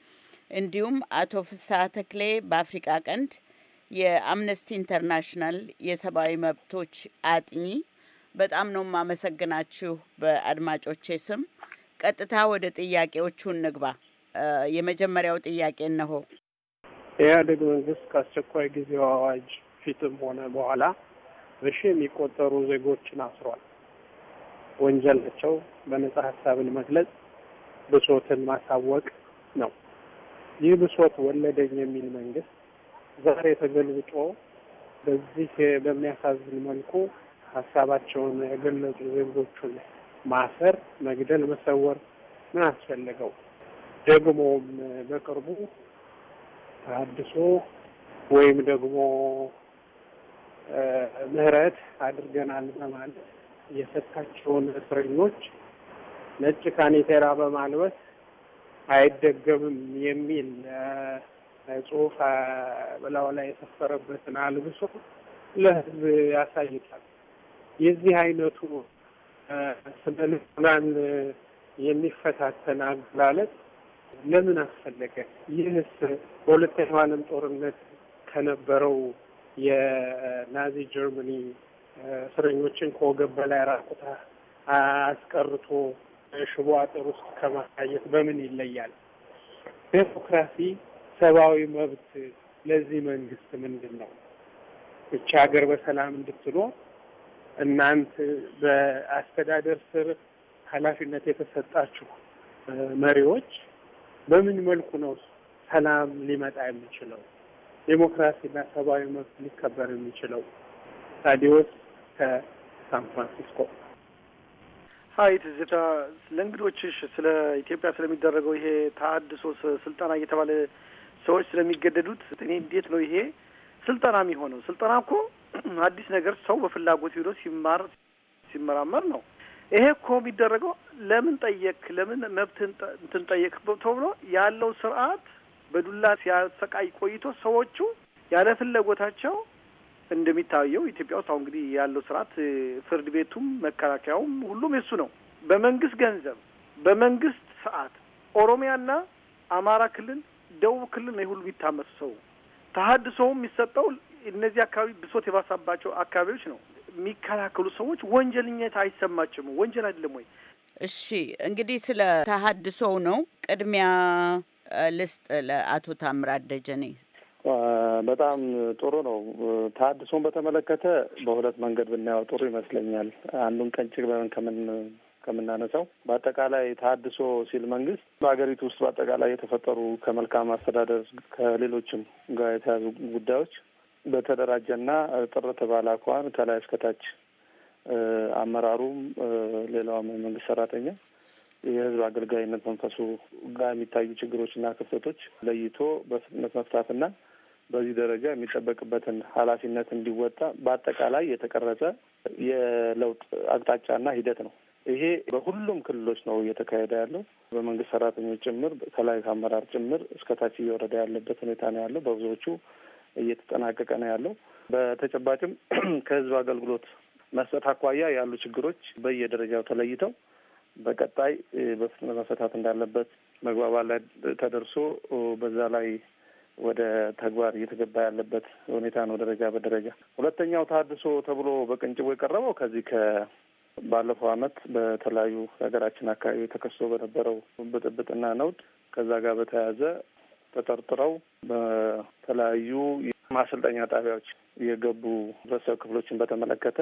እንዲሁም አቶ ፍስሐ ተክሌ በአፍሪቃ ቀንድ የአምነስቲ ኢንተርናሽናል የሰብአዊ መብቶች አጥኚ በጣም ነው የማመሰግናችሁ በአድማጮቼ ስም። ቀጥታ ወደ ጥያቄዎቹ እንግባ። የመጀመሪያው ጥያቄ እነሆ። ኢህአዴግ መንግስት ከአስቸኳይ ጊዜው አዋጅ ፊትም ሆነ በኋላ በሺ የሚቆጠሩ ዜጎችን አስሯል። ወንጀላቸው በነጻ ሀሳብን መግለጽ፣ ብሶትን ማሳወቅ ነው። ይህ ብሶት ወለደኝ የሚል መንግስት ዛሬ ተገልብጦ በዚህ በሚያሳዝን መልኩ ሀሳባቸውን የገለጹ ዜጎቹን ማሰር፣ መግደል፣ መሰወር ምን አስፈለገው? ደግሞም በቅርቡ ተሀድሶ ወይም ደግሞ ምህረት አድርገናል በማለት የፈታቸውን እስረኞች ነጭ ካኔቴራ በማልበስ አይደገምም የሚል ጽሁፍ በላዩ ላይ የሰፈረበትን አልብሶ ለህዝብ ያሳይታል። የዚህ አይነቱ ስነ ልቦናን የሚፈታተን አገላለጽ ለምን አስፈለገ? ይህስ በሁለተኛው ዓለም ጦርነት ከነበረው የናዚ ጀርመኒ እስረኞችን ከወገብ በላይ ራቁታ አስቀርቶ ሽቦ አጥር ውስጥ ከማሳየት በምን ይለያል? ዴሞክራሲ፣ ሰብአዊ መብት ለዚህ መንግስት ምንድን ነው? እቺ ሀገር በሰላም እንድትኖር እናንት በአስተዳደር ስር ኃላፊነት የተሰጣችሁ መሪዎች በምን መልኩ ነው ሰላም ሊመጣ የሚችለው? ዴሞክራሲና ሰብአዊ መብት ሊከበር የሚችለው። ታዲዮስ ከሳን ፍራንሲስኮ። ሀይ ትዝታ፣ ለእንግዶችሽ ስለ ኢትዮጵያ ስለሚደረገው ይሄ ተሀድሶ ስልጠና እየተባለ ሰዎች ስለሚገደዱት እኔ እንዴት ነው ይሄ ስልጠና የሚሆነው? ስልጠና እኮ አዲስ ነገር ሰው በፍላጎት ሂዶ ሲማር ሲመራመር ነው። ይሄ እኮ የሚደረገው ለምን ጠየቅ ለምን መብት እንትን ጠየቅ ተብሎ ያለው ስርዓት በዱላ ሲያሰቃይ ቆይቶ ሰዎቹ ያለ ፍላጎታቸው እንደሚታየው ኢትዮጵያ ውስጥ አሁን እንግዲህ ያለው ስርዓት ፍርድ ቤቱም መከላከያውም ሁሉም የሱ ነው። በመንግስት ገንዘብ በመንግስት ሰዓት ኦሮሚያና አማራ ክልል፣ ደቡብ ክልል ነው ሁሉ የሚታመሱ ሰው ተሀድሶውም የሚሰጠው እነዚህ አካባቢ ብሶት የባሳባቸው አካባቢዎች ነው። የሚከላከሉ ሰዎች ወንጀልኛት አይሰማቸውም። ወንጀል አይደለም ወይ? እሺ እንግዲህ ስለ ተሀድሶው ነው ቅድሚያ ልስጥ ለአቶ ታምራት ደጀኔ። በጣም ጥሩ ነው። ታድሶን በተመለከተ በሁለት መንገድ ብናየው ጥሩ ይመስለኛል። አንዱን ቀንጭቅ በምን ከምን ከምናነሳው በአጠቃላይ ታድሶ ሲል መንግስት በሀገሪቱ ውስጥ በአጠቃላይ የተፈጠሩ ከመልካም አስተዳደር ከሌሎችም ጋር የተያዙ ጉዳዮች በተደራጀና ጥርት ባለ አኳኋን ከላይ እስከታች አመራሩም ሌላውም የመንግስት ሰራተኛ የህዝብ አገልጋይነት መንፈሱ ጋር የሚታዩ ችግሮችና ክፍተቶች ለይቶ በፍጥነት መፍታትና በዚህ ደረጃ የሚጠበቅበትን ኃላፊነት እንዲወጣ በአጠቃላይ የተቀረጸ የለውጥ አቅጣጫና ሂደት ነው። ይሄ በሁሉም ክልሎች ነው እየተካሄደ ያለው። በመንግስት ሰራተኞች ጭምር ከላይ አመራር ጭምር እስከታች እየወረደ ያለበት ሁኔታ ነው ያለው። በብዙዎቹ እየተጠናቀቀ ነው ያለው። በተጨባጭም ከህዝብ አገልግሎት መስጠት አኳያ ያሉ ችግሮች በየደረጃው ተለይተው በቀጣይ በፍጥነት መፈታት እንዳለበት መግባባት ላይ ተደርሶ በዛ ላይ ወደ ተግባር እየተገባ ያለበት ሁኔታ ነው ደረጃ በደረጃ። ሁለተኛው ታድሶ ተብሎ በቅንጭቦ የቀረበው ከዚህ ከ ባለፈው አመት በተለያዩ ሀገራችን አካባቢ ተከስቶ በነበረው ብጥብጥና ነውጥ ከዛ ጋር በተያያዘ ተጠርጥረው በተለያዩ ማሰልጠኛ ጣቢያዎች የገቡ ህብረተሰብ ክፍሎችን በተመለከተ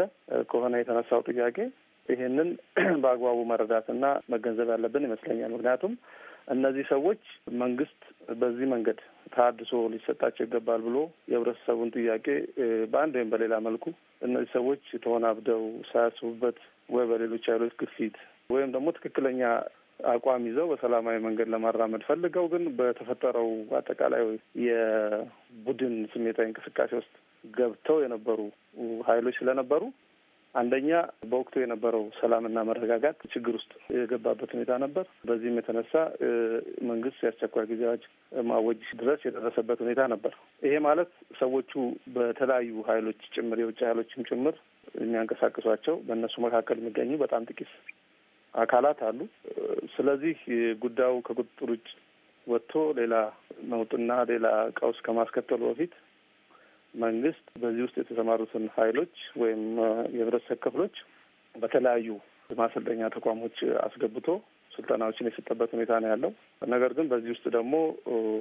ከሆነ የተነሳው ጥያቄ ይሄንን በአግባቡ መረዳትና መገንዘብ ያለብን ይመስለኛል። ምክንያቱም እነዚህ ሰዎች መንግስት በዚህ መንገድ ተሀድሶ ሊሰጣቸው ይገባል ብሎ የህብረተሰቡን ጥያቄ በአንድ ወይም በሌላ መልኩ እነዚህ ሰዎች ተወናብደው ሳያስቡበት ወይ በሌሎች ኃይሎች ግፊት ወይም ደግሞ ትክክለኛ አቋም ይዘው በሰላማዊ መንገድ ለማራመድ ፈልገው ግን በተፈጠረው አጠቃላይ የቡድን ስሜታዊ እንቅስቃሴ ውስጥ ገብተው የነበሩ ኃይሎች ስለነበሩ አንደኛ በወቅቱ የነበረው ሰላምና መረጋጋት ችግር ውስጥ የገባበት ሁኔታ ነበር። በዚህም የተነሳ መንግስት የአስቸኳይ ጊዜ አዋጅ ማወጅ ድረስ የደረሰበት ሁኔታ ነበር። ይሄ ማለት ሰዎቹ በተለያዩ ኃይሎች ጭምር የውጭ ኃይሎችም ጭምር የሚያንቀሳቅሷቸው በእነሱ መካከል የሚገኙ በጣም ጥቂት አካላት አሉ። ስለዚህ ጉዳዩ ከቁጥጥር ውጭ ወጥቶ ሌላ ነውጥና ሌላ ቀውስ ከማስከተሉ በፊት መንግስት በዚህ ውስጥ የተሰማሩትን ኃይሎች ወይም የህብረተሰብ ክፍሎች በተለያዩ ማሰልጠኛ ተቋሞች አስገብቶ ስልጠናዎችን የሰጠበት ሁኔታ ነው ያለው። ነገር ግን በዚህ ውስጥ ደግሞ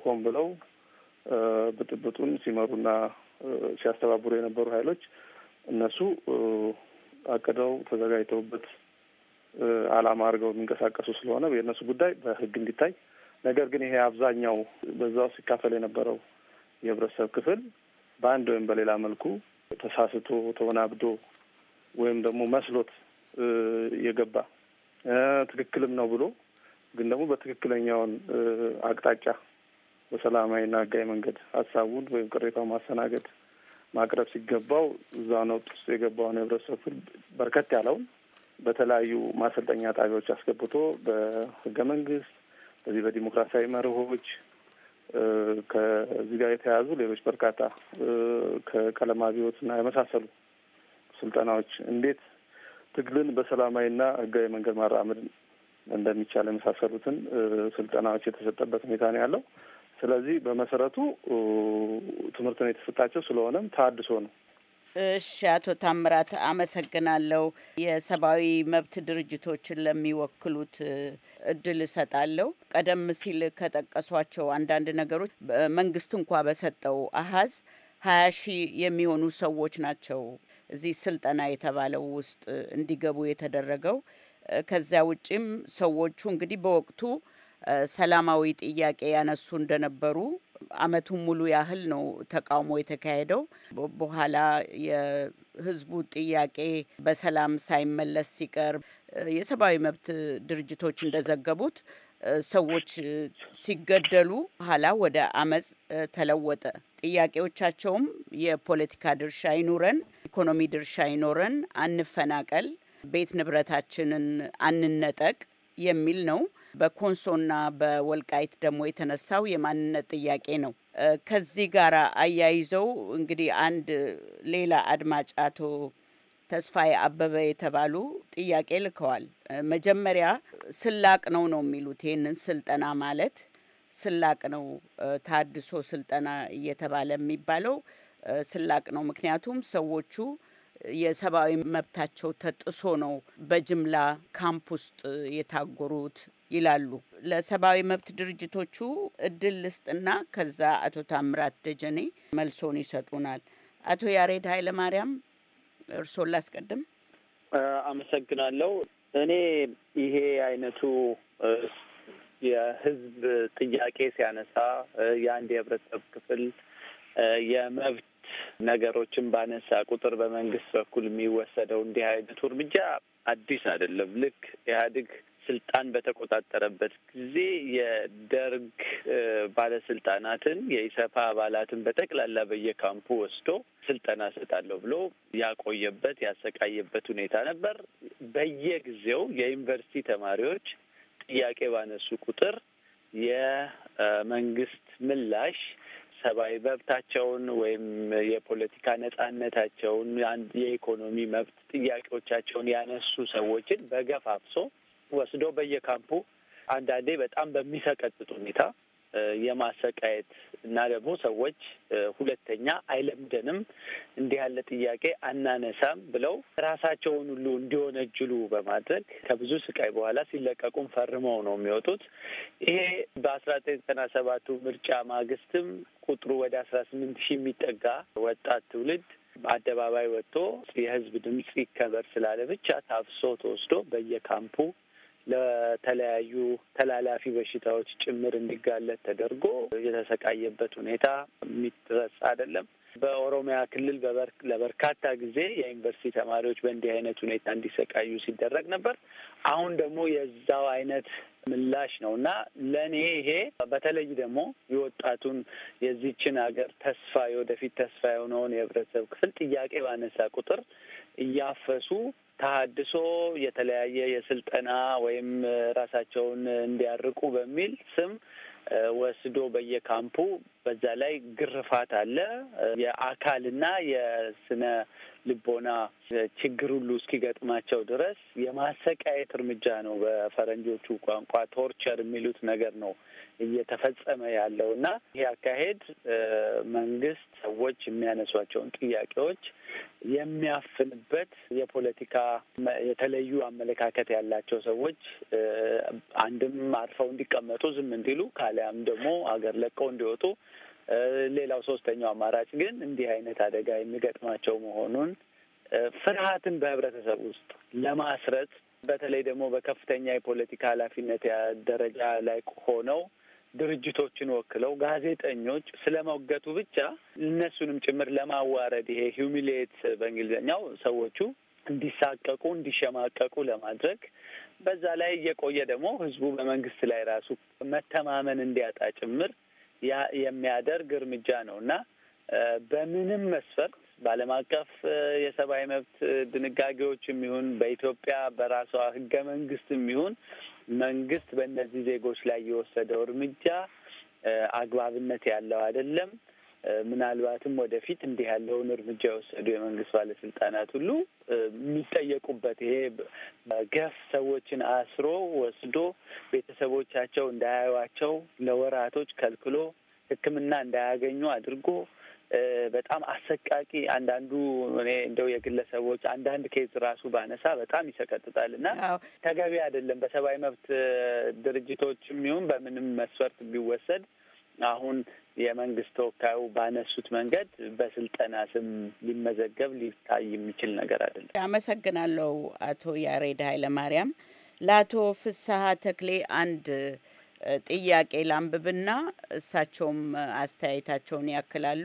ሆን ብለው ብጥብጡን ሲመሩና ሲያስተባብሩ የነበሩ ኃይሎች እነሱ አቅደው ተዘጋጅተውበት አላማ አድርገው የሚንቀሳቀሱ ስለሆነ የእነሱ ጉዳይ በህግ እንዲታይ፣ ነገር ግን ይሄ አብዛኛው በዛው ሲካፈል የነበረው የህብረተሰብ ክፍል በአንድ ወይም በሌላ መልኩ ተሳስቶ ተወናብዶ ወይም ደግሞ መስሎት የገባ ትክክልም ነው ብሎ ግን ደግሞ በትክክለኛውን አቅጣጫ በሰላማዊና ህጋዊ መንገድ ሀሳቡን ወይም ቅሬታው ማስተናገድ ማቅረብ ሲገባው እዛ ነውጥ ውስጥ የገባውን የህብረተሰብ ክፍል በርከት ያለውን በተለያዩ ማሰልጠኛ ጣቢያዎች አስገብቶ በህገ መንግስት በዚህ በዲሞክራሲያዊ መርሆች ከዚህ ጋር የተያያዙ ሌሎች በርካታ ከቀለም አብዮትና የመሳሰሉ ስልጠናዎች እንዴት ትግልን በሰላማዊና ህጋዊ መንገድ ማራመድ እንደሚቻል የመሳሰሉትን ስልጠናዎች የተሰጠበት ሁኔታ ነው ያለው። ስለዚህ በመሰረቱ ትምህርት ነው የተሰጣቸው። ስለሆነም ታድሶ ነው እሺ፣ አቶ ታምራት አመሰግናለሁ። የሰብአዊ መብት ድርጅቶችን ለሚወክሉት እድል እሰጣለሁ። ቀደም ሲል ከጠቀሷቸው አንዳንድ ነገሮች መንግስት እንኳ በሰጠው አሀዝ ሀያ ሺህ የሚሆኑ ሰዎች ናቸው እዚህ ስልጠና የተባለው ውስጥ እንዲገቡ የተደረገው። ከዚያ ውጭም ሰዎቹ እንግዲህ በወቅቱ ሰላማዊ ጥያቄ ያነሱ እንደነበሩ አመቱን ሙሉ ያህል ነው ተቃውሞ የተካሄደው። በኋላ የህዝቡ ጥያቄ በሰላም ሳይመለስ ሲቀር የሰብአዊ መብት ድርጅቶች እንደዘገቡት ሰዎች ሲገደሉ በኋላ ወደ አመፅ ተለወጠ። ጥያቄዎቻቸውም የፖለቲካ ድርሻ ይኑረን፣ ኢኮኖሚ ድርሻ ይኖረን፣ አንፈናቀል፣ ቤት ንብረታችንን አንነጠቅ የሚል ነው። በኮንሶና በወልቃይት ደግሞ የተነሳው የማንነት ጥያቄ ነው። ከዚህ ጋር አያይዘው እንግዲህ አንድ ሌላ አድማጭ አቶ ተስፋዬ አበበ የተባሉ ጥያቄ ልከዋል። መጀመሪያ ስላቅ ነው ነው የሚሉት ይህንን ስልጠና ማለት ስላቅ ነው ታድሶ ስልጠና እየተባለ የሚባለው ስላቅ ነው። ምክንያቱም ሰዎቹ የሰብአዊ መብታቸው ተጥሶ ነው በጅምላ ካምፕ ውስጥ የታጎሩት ይላሉ። ለሰብአዊ መብት ድርጅቶቹ እድል ልስጥና ከዛ አቶ ታምራት ደጀኔ መልሶን ይሰጡናል። አቶ ያሬድ ኃይለማርያም እርስዎን ላስቀድም። አመሰግናለሁ። እኔ ይሄ አይነቱ የህዝብ ጥያቄ ሲያነሳ የአንድ የህብረተሰብ ክፍል የመብት ነገሮችን ባነሳ ቁጥር በመንግስት በኩል የሚወሰደው እንዲህ አይነቱ እርምጃ አዲስ አይደለም። ልክ ኢህአዴግ ስልጣን በተቆጣጠረበት ጊዜ የደርግ ባለስልጣናትን የኢሰፓ አባላትን በጠቅላላ በየካምፑ ወስዶ ስልጠና እሰጣለሁ ብሎ ያቆየበት ያሰቃየበት ሁኔታ ነበር። በየጊዜው የዩኒቨርሲቲ ተማሪዎች ጥያቄ ባነሱ ቁጥር የመንግስት ምላሽ ሰብአዊ መብታቸውን ወይም የፖለቲካ ነጻነታቸውን፣ የኢኮኖሚ መብት ጥያቄዎቻቸውን ያነሱ ሰዎችን በገፍ አፍሶ ወስዶ በየካምፑ አንዳንዴ በጣም በሚሰቀጥጥ ሁኔታ የማሰቃየት እና ደግሞ ሰዎች ሁለተኛ አይለምደንም እንዲህ ያለ ጥያቄ አናነሳም ብለው ራሳቸውን ሁሉ እንዲወነጅሉ በማድረግ ከብዙ ስቃይ በኋላ ሲለቀቁም ፈርመው ነው የሚወጡት። ይሄ በአስራ ዘጠኝ ዘጠና ሰባቱ ምርጫ ማግስትም ቁጥሩ ወደ አስራ ስምንት ሺህ የሚጠጋ ወጣት ትውልድ አደባባይ ወጥቶ የህዝብ ድምፅ ይከበር ስላለ ብቻ ታፍሶ ተወስዶ በየካምፑ ለተለያዩ ተላላፊ በሽታዎች ጭምር እንዲጋለጥ ተደርጎ የተሰቃየበት ሁኔታ የሚረሳ አይደለም። በኦሮሚያ ክልል ለበርካታ ጊዜ የዩኒቨርሲቲ ተማሪዎች በእንዲህ አይነት ሁኔታ እንዲሰቃዩ ሲደረግ ነበር። አሁን ደግሞ የዛው አይነት ምላሽ ነው እና ለእኔ ይሄ በተለይ ደግሞ የወጣቱን የዚችን ሀገር ተስፋ የወደፊት ተስፋ የሆነውን የህብረተሰብ ክፍል ጥያቄ ባነሳ ቁጥር እያፈሱ ተሀድሶ የተለያየ የስልጠና ወይም ራሳቸውን እንዲያርቁ በሚል ስም ወስዶ በየካምፑ በዛ ላይ ግርፋት አለ። የአካልና የስነ ልቦና ችግር ሁሉ እስኪገጥማቸው ድረስ የማሰቃየት እርምጃ ነው። በፈረንጆቹ ቋንቋ ቶርቸር የሚሉት ነገር ነው እየተፈጸመ ያለው እና ይህ አካሄድ መንግስት ሰዎች የሚያነሷቸውን ጥያቄዎች የሚያፍንበት የፖለቲካ የተለዩ አመለካከት ያላቸው ሰዎች አንድም አርፈው እንዲቀመጡ ዝም እንዲሉ ካሊያም ደግሞ አገር ለቀው እንዲወጡ ሌላው ሶስተኛው አማራጭ ግን እንዲህ አይነት አደጋ የሚገጥማቸው መሆኑን ፍርሃትን በህብረተሰብ ውስጥ ለማስረጽ በተለይ ደግሞ በከፍተኛ የፖለቲካ ኃላፊነት ደረጃ ላይ ሆነው ድርጅቶችን ወክለው ጋዜጠኞች ስለመወገቱ ብቻ እነሱንም ጭምር ለማዋረድ ይሄ ሂውሚሊየት በእንግሊዝኛው ሰዎቹ እንዲሳቀቁ እንዲሸማቀቁ ለማድረግ በዛ ላይ እየቆየ ደግሞ ህዝቡ በመንግስት ላይ ራሱ መተማመን እንዲያጣ ጭምር የሚያደርግ እርምጃ ነው እና በምንም መስፈርት በዓለም አቀፍ የሰብአዊ መብት ድንጋጌዎችም ይሁን በኢትዮጵያ በራሷ ህገ መንግስትም ይሁን መንግስት በእነዚህ ዜጎች ላይ የወሰደው እርምጃ አግባብነት ያለው አይደለም። ምናልባትም ወደፊት እንዲህ ያለውን እርምጃ የወሰዱ የመንግስት ባለስልጣናት ሁሉ የሚጠየቁበት ይሄ ገፍ ሰዎችን አስሮ ወስዶ ቤተሰቦቻቸው እንዳያዩቸው ለወራቶች ከልክሎ ሕክምና እንዳያገኙ አድርጎ በጣም አሰቃቂ አንዳንዱ እኔ እንደው የግለሰቦች አንዳንድ ኬዝ ራሱ ባነሳ በጣም ይሰቀጥጣል እና ተገቢ አይደለም። በሰብአዊ መብት ድርጅቶችም ይሁን በምንም መስፈርት ቢወሰድ አሁን የመንግስት ተወካዩ ባነሱት መንገድ በስልጠና ስም ሊመዘገብ ሊታይ የሚችል ነገር አይደለም። አመሰግናለሁ አቶ ያሬድ ኃይለማርያም። ለአቶ ፍስሀ ተክሌ አንድ ጥያቄ ላንብብና እሳቸውም አስተያየታቸውን ያክላሉ።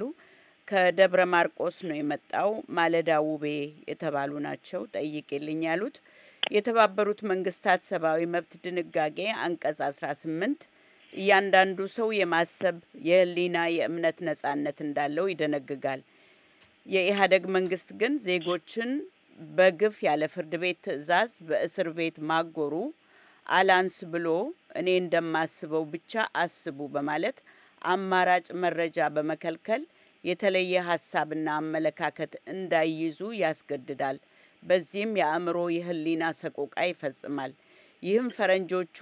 ከደብረ ማርቆስ ነው የመጣው። ማለዳ ውቤ የተባሉ ናቸው ጠይቅልኝ ያሉት። የተባበሩት መንግስታት ሰብአዊ መብት ድንጋጌ አንቀጽ 18 እያንዳንዱ ሰው የማሰብ የህሊና፣ የእምነት ነጻነት እንዳለው ይደነግጋል። የኢህአደግ መንግስት ግን ዜጎችን በግፍ ያለ ፍርድ ቤት ትዕዛዝ በእስር ቤት ማጎሩ አላንስ ብሎ እኔ እንደማስበው ብቻ አስቡ በማለት አማራጭ መረጃ በመከልከል የተለየ ሀሳብና አመለካከት እንዳይይዙ ያስገድዳል። በዚህም የአእምሮ የህሊና ሰቆቃ ይፈጽማል። ይህም ፈረንጆቹ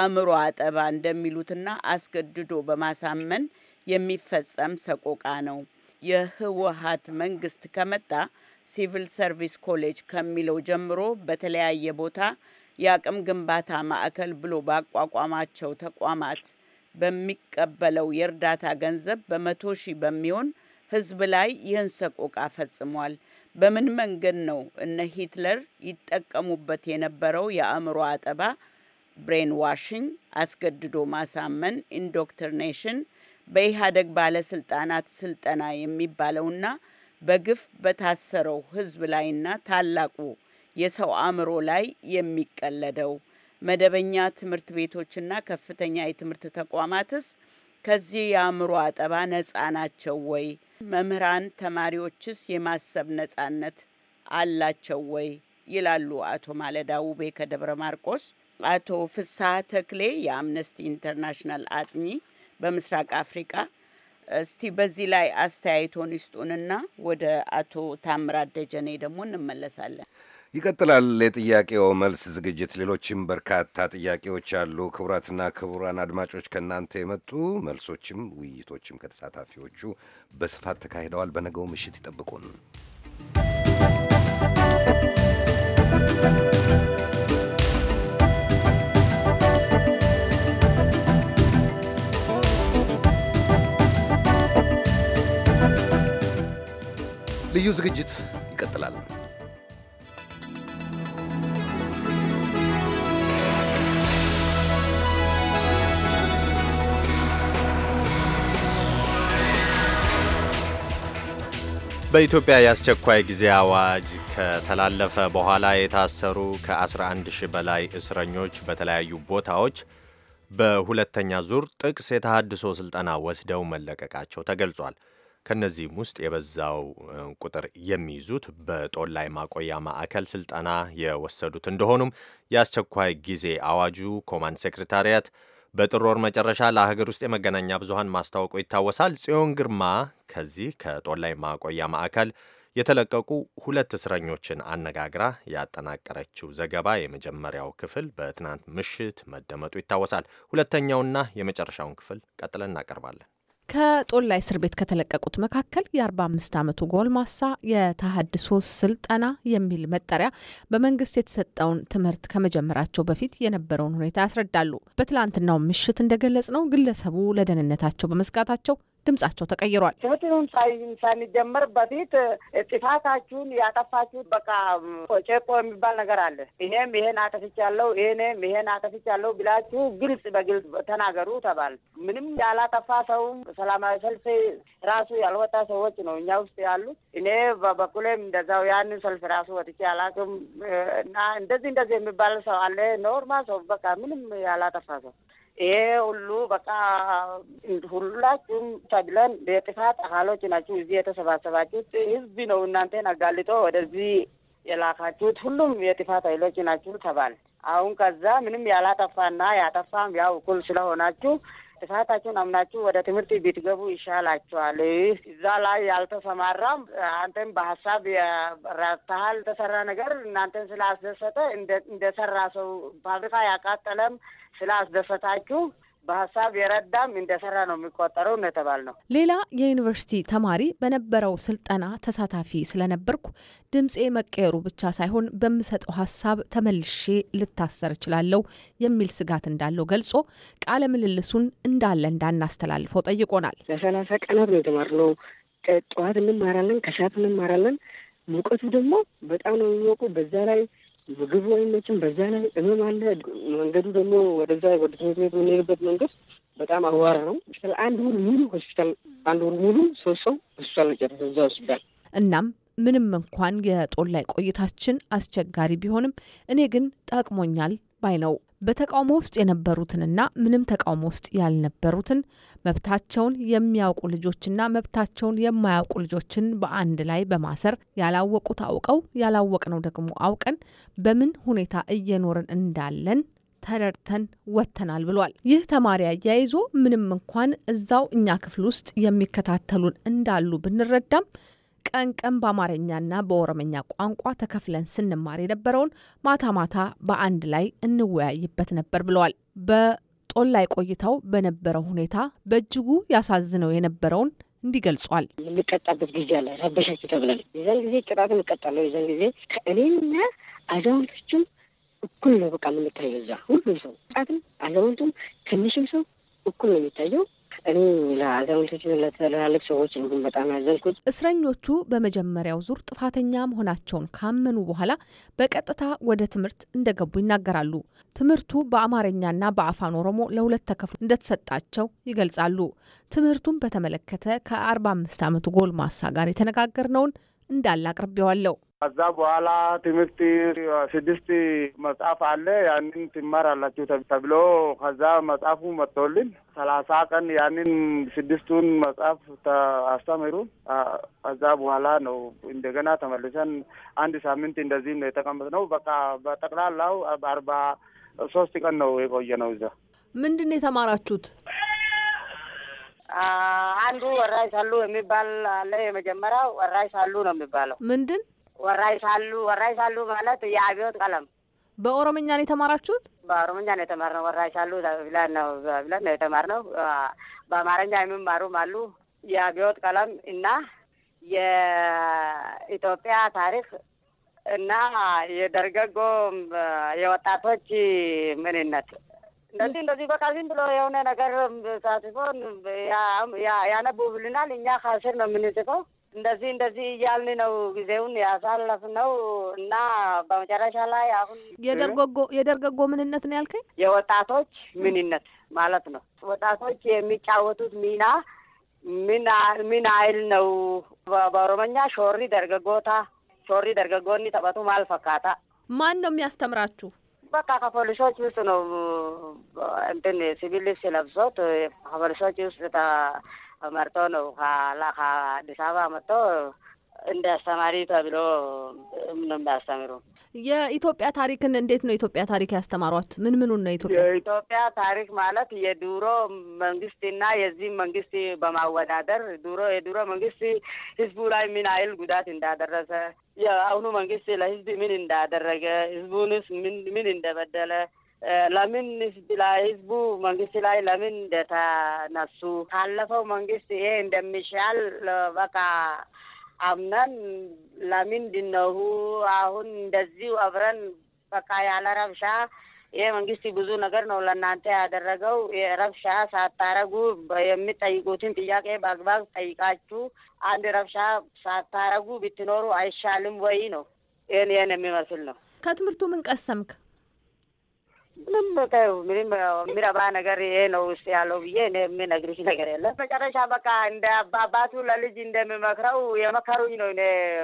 አእምሮ አጠባ እንደሚሉትና አስገድዶ በማሳመን የሚፈጸም ሰቆቃ ነው። የህወሀት መንግስት ከመጣ ሲቪል ሰርቪስ ኮሌጅ ከሚለው ጀምሮ በተለያየ ቦታ የአቅም ግንባታ ማዕከል ብሎ ባቋቋማቸው ተቋማት በሚቀበለው የእርዳታ ገንዘብ በመቶ ሺህ በሚሆን ህዝብ ላይ ይህን ሰቆቃ ፈጽሟል። በምን መንገድ ነው እነ ሂትለር ይጠቀሙበት የነበረው የአእምሮ አጠባ፣ ብሬን ዋሽንግ፣ አስገድዶ ማሳመን፣ ኢንዶክትሪኔሽን፣ በኢህአደግ ባለስልጣናት ስልጠና የሚባለውና በግፍ በታሰረው ህዝብ ላይና ታላቁ የሰው አእምሮ ላይ የሚቀለደው መደበኛ ትምህርት ቤቶችና ከፍተኛ የትምህርት ተቋማትስ ከዚህ የአእምሮ አጠባ ነጻ ናቸው ወይ? መምህራን ተማሪዎችስ የማሰብ ነጻነት አላቸው ወይ? ይላሉ አቶ ማለዳ ውቤ ከደብረ ማርቆስ። አቶ ፍስሐ ተክሌ የአምነስቲ ኢንተርናሽናል አጥኚ በምስራቅ አፍሪቃ። እስቲ በዚህ ላይ አስተያየቶን ይስጡንና ወደ አቶ ታምራት ደጀኔ ደግሞ እንመለሳለን። ይቀጥላል የጥያቄው መልስ ዝግጅት። ሌሎችም በርካታ ጥያቄዎች አሉ። ክቡራትና ክቡራን አድማጮች ከእናንተ የመጡ መልሶችም ውይይቶችም ከተሳታፊዎቹ በስፋት ተካሂደዋል። በነገው ምሽት ይጠብቁን። ልዩ ዝግጅት ይቀጥላል። በኢትዮጵያ የአስቸኳይ ጊዜ አዋጅ ከተላለፈ በኋላ የታሰሩ ከ11 ሺህ በላይ እስረኞች በተለያዩ ቦታዎች በሁለተኛ ዙር ጥቅስ የተሃድሶ ስልጠና ወስደው መለቀቃቸው ተገልጿል። ከእነዚህም ውስጥ የበዛው ቁጥር የሚይዙት በጦላይ ማቆያ ማዕከል ስልጠና የወሰዱት እንደሆኑም የአስቸኳይ ጊዜ አዋጁ ኮማንድ ሴክሬታሪያት በጥር ወር መጨረሻ ለሀገር ውስጥ የመገናኛ ብዙሀን ማስታወቁ ይታወሳል። ጽዮን ግርማ ከዚህ ከጦላይ ማቆያ ማዕከል የተለቀቁ ሁለት እስረኞችን አነጋግራ ያጠናቀረችው ዘገባ የመጀመሪያው ክፍል በትናንት ምሽት መደመጡ ይታወሳል። ሁለተኛውና የመጨረሻውን ክፍል ቀጥለን እናቀርባለን። ከጦላይ እስር ቤት ከተለቀቁት መካከል የ45 ዓመቱ ጎልማሳ የተሃድሶ ስልጠና የሚል መጠሪያ በመንግስት የተሰጠውን ትምህርት ከመጀመራቸው በፊት የነበረውን ሁኔታ ያስረዳሉ። በትላንትናው ምሽት እንደገለጽ ነው ግለሰቡ ለደህንነታቸው በመስጋታቸው ድምጻቸው ተቀይሯል። ትምህርቱን ሳንጀምር በፊት ጥፋታችሁን ያጠፋችሁት በቃ ጨቆ የሚባል ነገር አለ። ይሄም ይሄን አጠፍቻለሁ፣ ይሄኔም ይሄን አጠፍቻለሁ ብላችሁ ግልጽ በግልጽ ተናገሩ ተባል። ምንም ያላጠፋ ሰውም ሰላማዊ ሰልፍ ራሱ ያልወጣ ሰዎች ነው እኛ ውስጥ ያሉት። እኔ በበኩሌም እንደዛው ያንን ሰልፍ ራሱ ወጥቼ አላውቅም እና እንደዚህ እንደዚህ የሚባል ሰው አለ ኖርማል ሰው በቃ ምንም ያላጠፋ ሰው ይሄ ሁሉ በቃ ሁላችሁም ተብለን የጥፋት አካሎች ናችሁ። እዚህ የተሰባሰባችሁት ህዝብ ነው እናንተን አጋልጦ ወደዚህ የላካችሁት ሁሉም የጥፋት ኃይሎች ናችሁ ተባል። አሁን ከዛ ምንም ያላጠፋና ያጠፋም ያው እኩል ስለሆናችሁ ጥፋታችሁን አምናችሁ ወደ ትምህርት ቢትገቡ ይሻላችኋል። እዛ ላይ ያልተሰማራም አንተን በሀሳብ ረድተሃል። የተሰራ ነገር እናንተን ስላስደሰተ እንደሰራ ሰው ፋብሪካ ያቃጠለም ስላስደሰታችሁ በሀሳብ የረዳም እንደሰራ ነው የሚቆጠረው እንደተባል ነው። ሌላ የዩኒቨርሲቲ ተማሪ በነበረው ስልጠና ተሳታፊ ስለነበርኩ ድምፄ መቀየሩ ብቻ ሳይሆን በምሰጠው ሀሳብ ተመልሼ ልታሰር እችላለሁ የሚል ስጋት እንዳለው ገልጾ ቃለ ምልልሱን እንዳለ እንዳናስተላልፈው ጠይቆናል። ለሰላሳ ቀናት ነው የተማርነው። ጠዋት እንማራለን፣ ከሰዓት እንማራለን። ሙቀቱ ደግሞ በጣም ነው የሚሞቁ በዛ ላይ ምግብ አይመችም። በዛ ነ እመም አለ። መንገዱ ደግሞ ወደዛ ወደ ትምህርት ቤት የምንሄድበት መንገድ በጣም አዋራ ነው። አንድ ወር ሙሉ ሆስፒታል አንድ ወር ሙሉ ሶስት ሰው ሆስፒታል ነጨረሰ እዛ ሆስፒታል። እናም ምንም እንኳን የጦላይ ቆይታችን አስቸጋሪ ቢሆንም እኔ ግን ጠቅሞኛል ባይ ነው። በተቃውሞ ውስጥ የነበሩትንና ምንም ተቃውሞ ውስጥ ያልነበሩትን መብታቸውን የሚያውቁ ልጆችና መብታቸውን የማያውቁ ልጆችን በአንድ ላይ በማሰር ያላወቁት አውቀው ያላወቅነው ደግሞ አውቀን በምን ሁኔታ እየኖርን እንዳለን ተረድተን ወጥተናል ብሏል። ይህ ተማሪ አያይዞ ምንም እንኳን እዛው እኛ ክፍል ውስጥ የሚከታተሉን እንዳሉ ብንረዳም ቀን ቀን በአማርኛና በኦሮምኛ ቋንቋ ተከፍለን ስንማር የነበረውን ማታ ማታ በአንድ ላይ እንወያይበት ነበር ብለዋል። በጦላይ ቆይታው በነበረው ሁኔታ በእጅጉ ያሳዝነው የነበረውን እንዲህ ገልጿል። የምንቀጣበት ጊዜ አለ። ረበሻችሁ ተብለን የዛን ጊዜ ቅጣት እንቀጣለው። የዛን ጊዜ ከእኔና አዛውንቶችም እኩል ነው በቃ የምንታየው እዛ ሁሉም ሰው ቅጣትም አዛውንቱም ትንሽም ሰው እኩል ነው የሚታየው። እኔ ለአዛውንቶች፣ ለትላልቅ ሰዎች እንዲሁም በጣም ያዘንኩት እስረኞቹ በመጀመሪያው ዙር ጥፋተኛ መሆናቸውን ካመኑ በኋላ በቀጥታ ወደ ትምህርት እንደገቡ ይናገራሉ። ትምህርቱ በአማርኛና በአፋን ኦሮሞ ለሁለት ተከፍሎ እንደተሰጣቸው ይገልጻሉ። ትምህርቱን በተመለከተ ከ45 ዓመቱ ጎልማሳ ጋር የተነጋገርነውን እንዳለ አቅርቤዋለሁ። ከዛ በኋላ ትምህርት ስድስት መጽሐፍ አለ ያንን ትማራላችሁ ተብሎ ከዛ መጽሐፉ መጥቶልን ሰላሳ ቀን ያንን ስድስቱን መጽሐፍ አስተምሩ። ከዛ በኋላ ነው እንደገና ተመልሰን አንድ ሳምንት እንደዚህ ነው የተቀመጥነው። በቃ በጠቅላላው በአርባ ሶስት ቀን ነው የቆየ ነው። እዛ ምንድን ነው የተማራችሁት? አንዱ ወራይ ሳሉ የሚባል አለ። የመጀመሪያው ወራይ ሳሉ ነው የሚባለው። ምንድን ወራይሳሉ ወራይሳሉ ማለት የአብዮት ቀለም። በኦሮምኛ ነው የተማራችሁት? በኦሮምኛ ነው የተማርነው። ወራይሳሉ ብለን ነው ብለን ነው የተማርነው። በአማርኛ የሚማሩም አሉ። የአብዮት ቀለም እና የኢትዮጵያ ታሪክ እና የደርገጎ የወጣቶች ምንነት እንደዚህ እንደዚህ በቃ ዝም ብሎ የሆነ ነገር ሳትፎን ያነቡብልናል። እኛ ከስር ነው የምንጽፈው እንደዚህ እንደዚህ እያልን ነው ጊዜውን ያሳለፍነው እና በመጨረሻ ላይ አሁን የደርጎጎ የደርገጎ ምንነት ነው ያልከኝ? የወጣቶች ምንነት ማለት ነው። ወጣቶች የሚጫወቱት ሚና ምን ምን አይል ነው? በኦሮመኛ ሾሪ ደርገጎታ ሾሪ ደርገጎኒ ተበቱ ማልፈካታ። ማን ነው የሚያስተምራችሁ? በቃ ከፖሊሶች ውስጥ ነው እንትን ሲቪል ልብስ ለብሶት ከፖሊሶች ውስጥ መርጦ ነው አዲስ አበባ መጥቶ እንደ አስተማሪ ተብሎ ነው የሚያስተምሩ። የኢትዮጵያ ታሪክን እንዴት ነው ኢትዮጵያ ታሪክ ያስተማሯት? ምን ምኑን ነው ኢትዮጵያ የኢትዮጵያ ታሪክ ማለት የዱሮ መንግስትና የዚህ መንግስት በማወዳደር ዱሮ የዱሮ መንግስት ህዝቡ ላይ ምን አይል ጉዳት እንዳደረሰ የአሁኑ መንግስት ለህዝብ ምን እንዳደረገ ህዝቡንስ ምን ምን እንደበደለ ለምን ህዝቡ መንግስት ላይ ለምን እንደተነሱ ካለፈው መንግስት ይሄ እንደሚሻል በቃ አምናን ለምንድን ነው አሁን እንደዚሁ አብረን በቃ ያለ ረብሻ ይሄ መንግስት ብዙ ነገር ነው ለእናንተ ያደረገው። ረብሻ ሳታረጉ የሚጠይቁትን ጥያቄ በአግባብ ጠይቃችሁ አንድ ረብሻ ሳታረጉ ብትኖሩ አይሻልም ወይ ነው? ይህን ይህን የሚመስል ነው። ከትምህርቱ ምን ቀሰምክ? ምንም ምንም የሚረባ ነገር ይሄ ነው ውስጥ ያለው ብዬ እኔ የምነግርሽ ነገር የለ። መጨረሻ በቃ እንደ አባቱ ለልጅ እንደምመክረው የመከሩኝ ነው። እኔ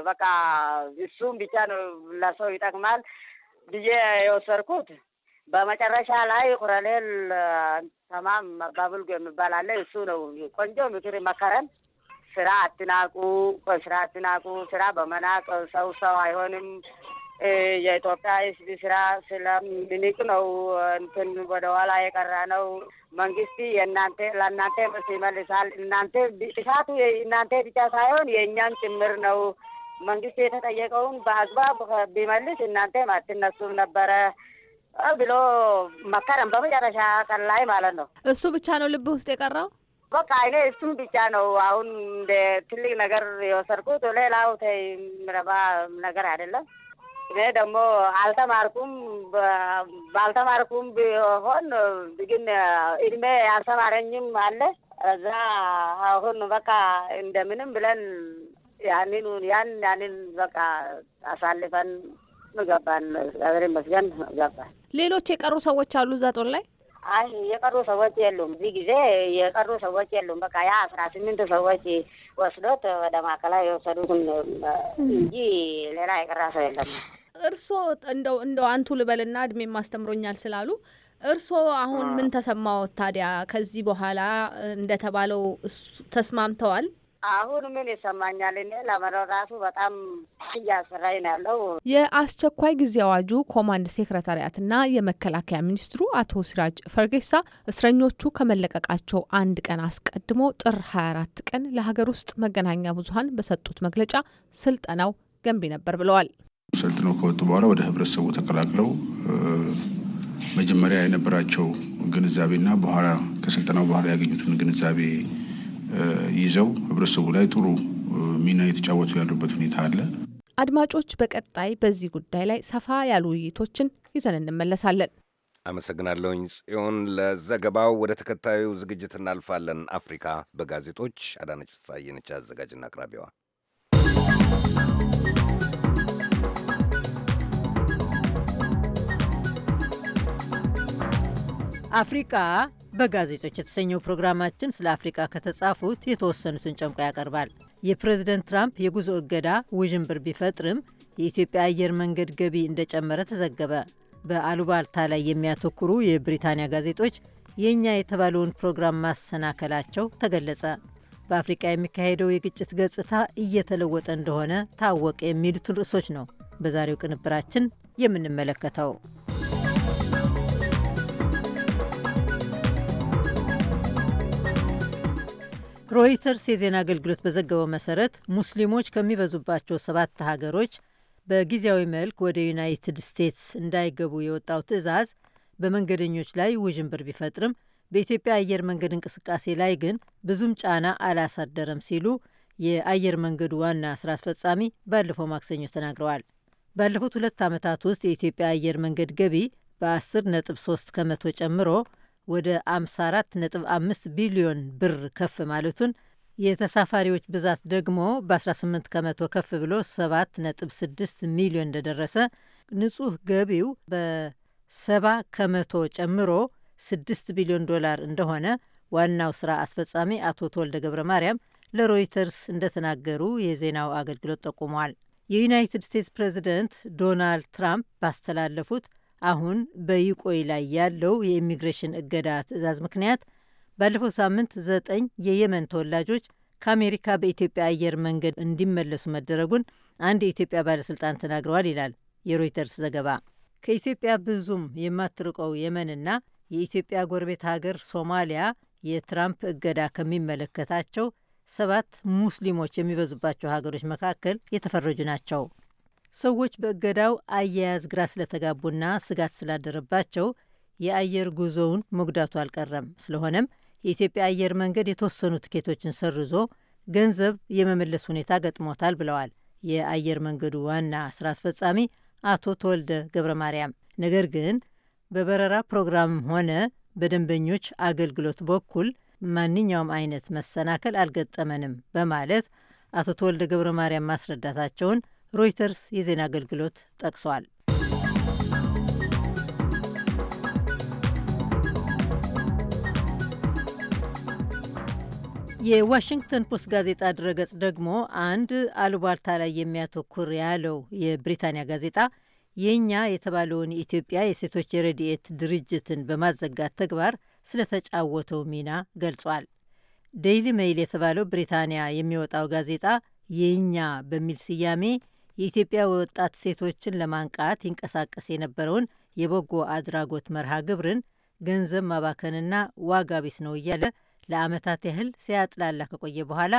በቃ እሱም ብቻ ነው ለሰው ይጠቅማል ብዬ የወሰድኩት። በመጨረሻ ላይ ኮሎኔል ተማም አባብልጎ የሚባል አለ። እሱ ነው ቆንጆ ምክር መከረን። ስራ አትናቁ፣ ስራ አትናቁ፣ ስራ በመናቅ ሰው ሰው አይሆንም የኢትዮጵያ የሲቪል ስራ ስለምንቅ ነው እንትን ወደኋላ የቀራ ነው። መንግስት የእናንተ ለእናንተ መስ ይመልሳል። እናንተ እሳቱ እናንተ ብቻ ሳይሆን የእኛም ጭምር ነው። መንግስት የተጠየቀውን በአግባብ ቢመልስ እናንተም አትነሱም ነበረ ብሎ መከረም በመጨረሻ ቀን ላይ ማለት ነው። እሱ ብቻ ነው ልብ ውስጥ የቀረው። በቃ እኔ እሱም ብቻ ነው አሁን እንደ ትልቅ ነገር የወሰድኩት። ሌላው ተይ ምረባ ነገር አይደለም። እኔ ደግሞ አልተማርኩም ባልተማርኩም ቢሆን ግን እድሜ ያልተማረኝም አለ እዛ አሁን በቃ እንደምንም ብለን ያንን ያን ያንን በቃ አሳልፈን ገባን። እግዚአብሔር ይመስገን ገባን። ሌሎች የቀሩ ሰዎች አሉ እዛ ጦር ላይ? አይ የቀሩ ሰዎች የሉም። እዚህ ጊዜ የቀሩ ሰዎች የሉም። በቃ ያ አስራ ስምንት ሰዎች ወስዶት ወደ ማዕከላዊ የወሰዱትን እንጂ ሌላ የቀራ ሰው የለም። እርሶ እንደው እንደው አንቱ ልበልና እድሜ ማስተምሮኛል ስላሉ እርሶ አሁን ምን ተሰማዎት ታዲያ? ከዚህ በኋላ እንደተባለው ተስማምተዋል? አሁን ምን ይሰማኛል? እኔ ለመኖር ራሱ በጣም እያስፈራኝ ነው ያለው። የአስቸኳይ ጊዜ አዋጁ ኮማንድ ሴክረታሪያትና የመከላከያ ሚኒስትሩ አቶ ሲራጅ ፈርጌሳ እስረኞቹ ከመለቀቃቸው አንድ ቀን አስቀድሞ ጥር 24 ቀን ለሀገር ውስጥ መገናኛ ብዙኃን በሰጡት መግለጫ ስልጠናው ገንቢ ነበር ብለዋል። ሰልጥነው ከወጡ በኋላ ወደ ህብረተሰቡ ተቀላቅለው መጀመሪያ የነበራቸው ግንዛቤና በኋላ ከስልጠናው በኋላ ያገኙትን ግንዛቤ ይዘው ህብረተሰቡ ላይ ጥሩ ሚና የተጫወቱ ያሉበት ሁኔታ አለ። አድማጮች፣ በቀጣይ በዚህ ጉዳይ ላይ ሰፋ ያሉ ውይይቶችን ይዘን እንመለሳለን። አመሰግናለሁኝ ጽዮን ለዘገባው። ወደ ተከታዩ ዝግጅት እናልፋለን። አፍሪካ በጋዜጦች አዳነች ፍሳዬ ነች አዘጋጅና አቅራቢዋ። አፍሪቃ በጋዜጦች የተሰኘው ፕሮግራማችን ስለ አፍሪቃ ከተጻፉት የተወሰኑትን ጨምቆ ያቀርባል። የፕሬዝደንት ትራምፕ የጉዞ እገዳ ውዥንብር ቢፈጥርም የኢትዮጵያ አየር መንገድ ገቢ እንደጨመረ ተዘገበ። በአሉባልታ ላይ የሚያተኩሩ የብሪታንያ ጋዜጦች የእኛ የተባለውን ፕሮግራም ማሰናከላቸው ተገለጸ። በአፍሪቃ የሚካሄደው የግጭት ገጽታ እየተለወጠ እንደሆነ ታወቀ። የሚሉትን ርዕሶች ነው በዛሬው ቅንብራችን የምንመለከተው። ሮይተርስ የዜና አገልግሎት በዘገበው መሰረት ሙስሊሞች ከሚበዙባቸው ሰባት ሀገሮች በጊዜያዊ መልክ ወደ ዩናይትድ ስቴትስ እንዳይገቡ የወጣው ትዕዛዝ በመንገደኞች ላይ ውዥንብር ቢፈጥርም በኢትዮጵያ አየር መንገድ እንቅስቃሴ ላይ ግን ብዙም ጫና አላሳደረም ሲሉ የአየር መንገዱ ዋና ስራ አስፈጻሚ ባለፈው ማክሰኞ ተናግረዋል። ባለፉት ሁለት ዓመታት ውስጥ የኢትዮጵያ አየር መንገድ ገቢ በ10 ነጥብ 3 ከመቶ ጨምሮ ወደ 54.5 ቢሊዮን ብር ከፍ ማለቱን የተሳፋሪዎች ብዛት ደግሞ በ18 ከመቶ ከፍ ብሎ 7.6 ሚሊዮን እንደደረሰ ንጹህ ገቢው በ ከመቶ ጨምሮ 6 ቢሊዮን ዶላር እንደሆነ ዋናው ስራ አስፈጻሚ አቶ ተወልደ ገብረ ማርያም ለሮይተርስ እንደተናገሩ የዜናው አገልግሎት ጠቁሟል። የዩናይትድ ስቴትስ ፕሬዚደንት ዶናልድ ትራምፕ ባስተላለፉት አሁን በይቆይ ላይ ያለው የኢሚግሬሽን እገዳ ትዕዛዝ ምክንያት ባለፈው ሳምንት ዘጠኝ የየመን ተወላጆች ከአሜሪካ በኢትዮጵያ አየር መንገድ እንዲመለሱ መደረጉን አንድ የኢትዮጵያ ባለሥልጣን ተናግረዋል ይላል የሮይተርስ ዘገባ። ከኢትዮጵያ ብዙም የማትርቀው የመንና የኢትዮጵያ ጎረቤት ሀገር ሶማሊያ የትራምፕ እገዳ ከሚመለከታቸው ሰባት ሙስሊሞች የሚበዙባቸው ሀገሮች መካከል የተፈረጁ ናቸው። ሰዎች በእገዳው አያያዝ ግራ ስለተጋቡና ስጋት ስላደረባቸው የአየር ጉዞውን መጉዳቱ አልቀረም። ስለሆነም የኢትዮጵያ አየር መንገድ የተወሰኑ ትኬቶችን ሰርዞ ገንዘብ የመመለስ ሁኔታ ገጥሞታል ብለዋል የአየር መንገዱ ዋና ስራ አስፈጻሚ አቶ ተወልደ ገብረ ማርያም። ነገር ግን በበረራ ፕሮግራምም ሆነ በደንበኞች አገልግሎት በኩል ማንኛውም አይነት መሰናከል አልገጠመንም በማለት አቶ ተወልደ ገብረ ማርያም ማስረዳታቸውን ሮይተርስ የዜና አገልግሎት ጠቅሷል። የዋሽንግተን ፖስት ጋዜጣ ድረገጽ ደግሞ አንድ አሉባልታ ላይ የሚያተኩር ያለው የብሪታንያ ጋዜጣ የእኛ የተባለውን የኢትዮጵያ የሴቶች የረድኤት ድርጅትን በማዘጋት ተግባር ስለተጫወተው ሚና ገልጿል። ዴይሊ ሜይል የተባለው ብሪታንያ የሚወጣው ጋዜጣ የእኛ በሚል ስያሜ የኢትዮጵያ ወጣት ሴቶችን ለማንቃት ይንቀሳቀስ የነበረውን የበጎ አድራጎት መርሃ ግብርን ገንዘብ ማባከንና ዋጋ ቢስ ነው እያለ ለአመታት ያህል ሲያጥላላ ከቆየ በኋላ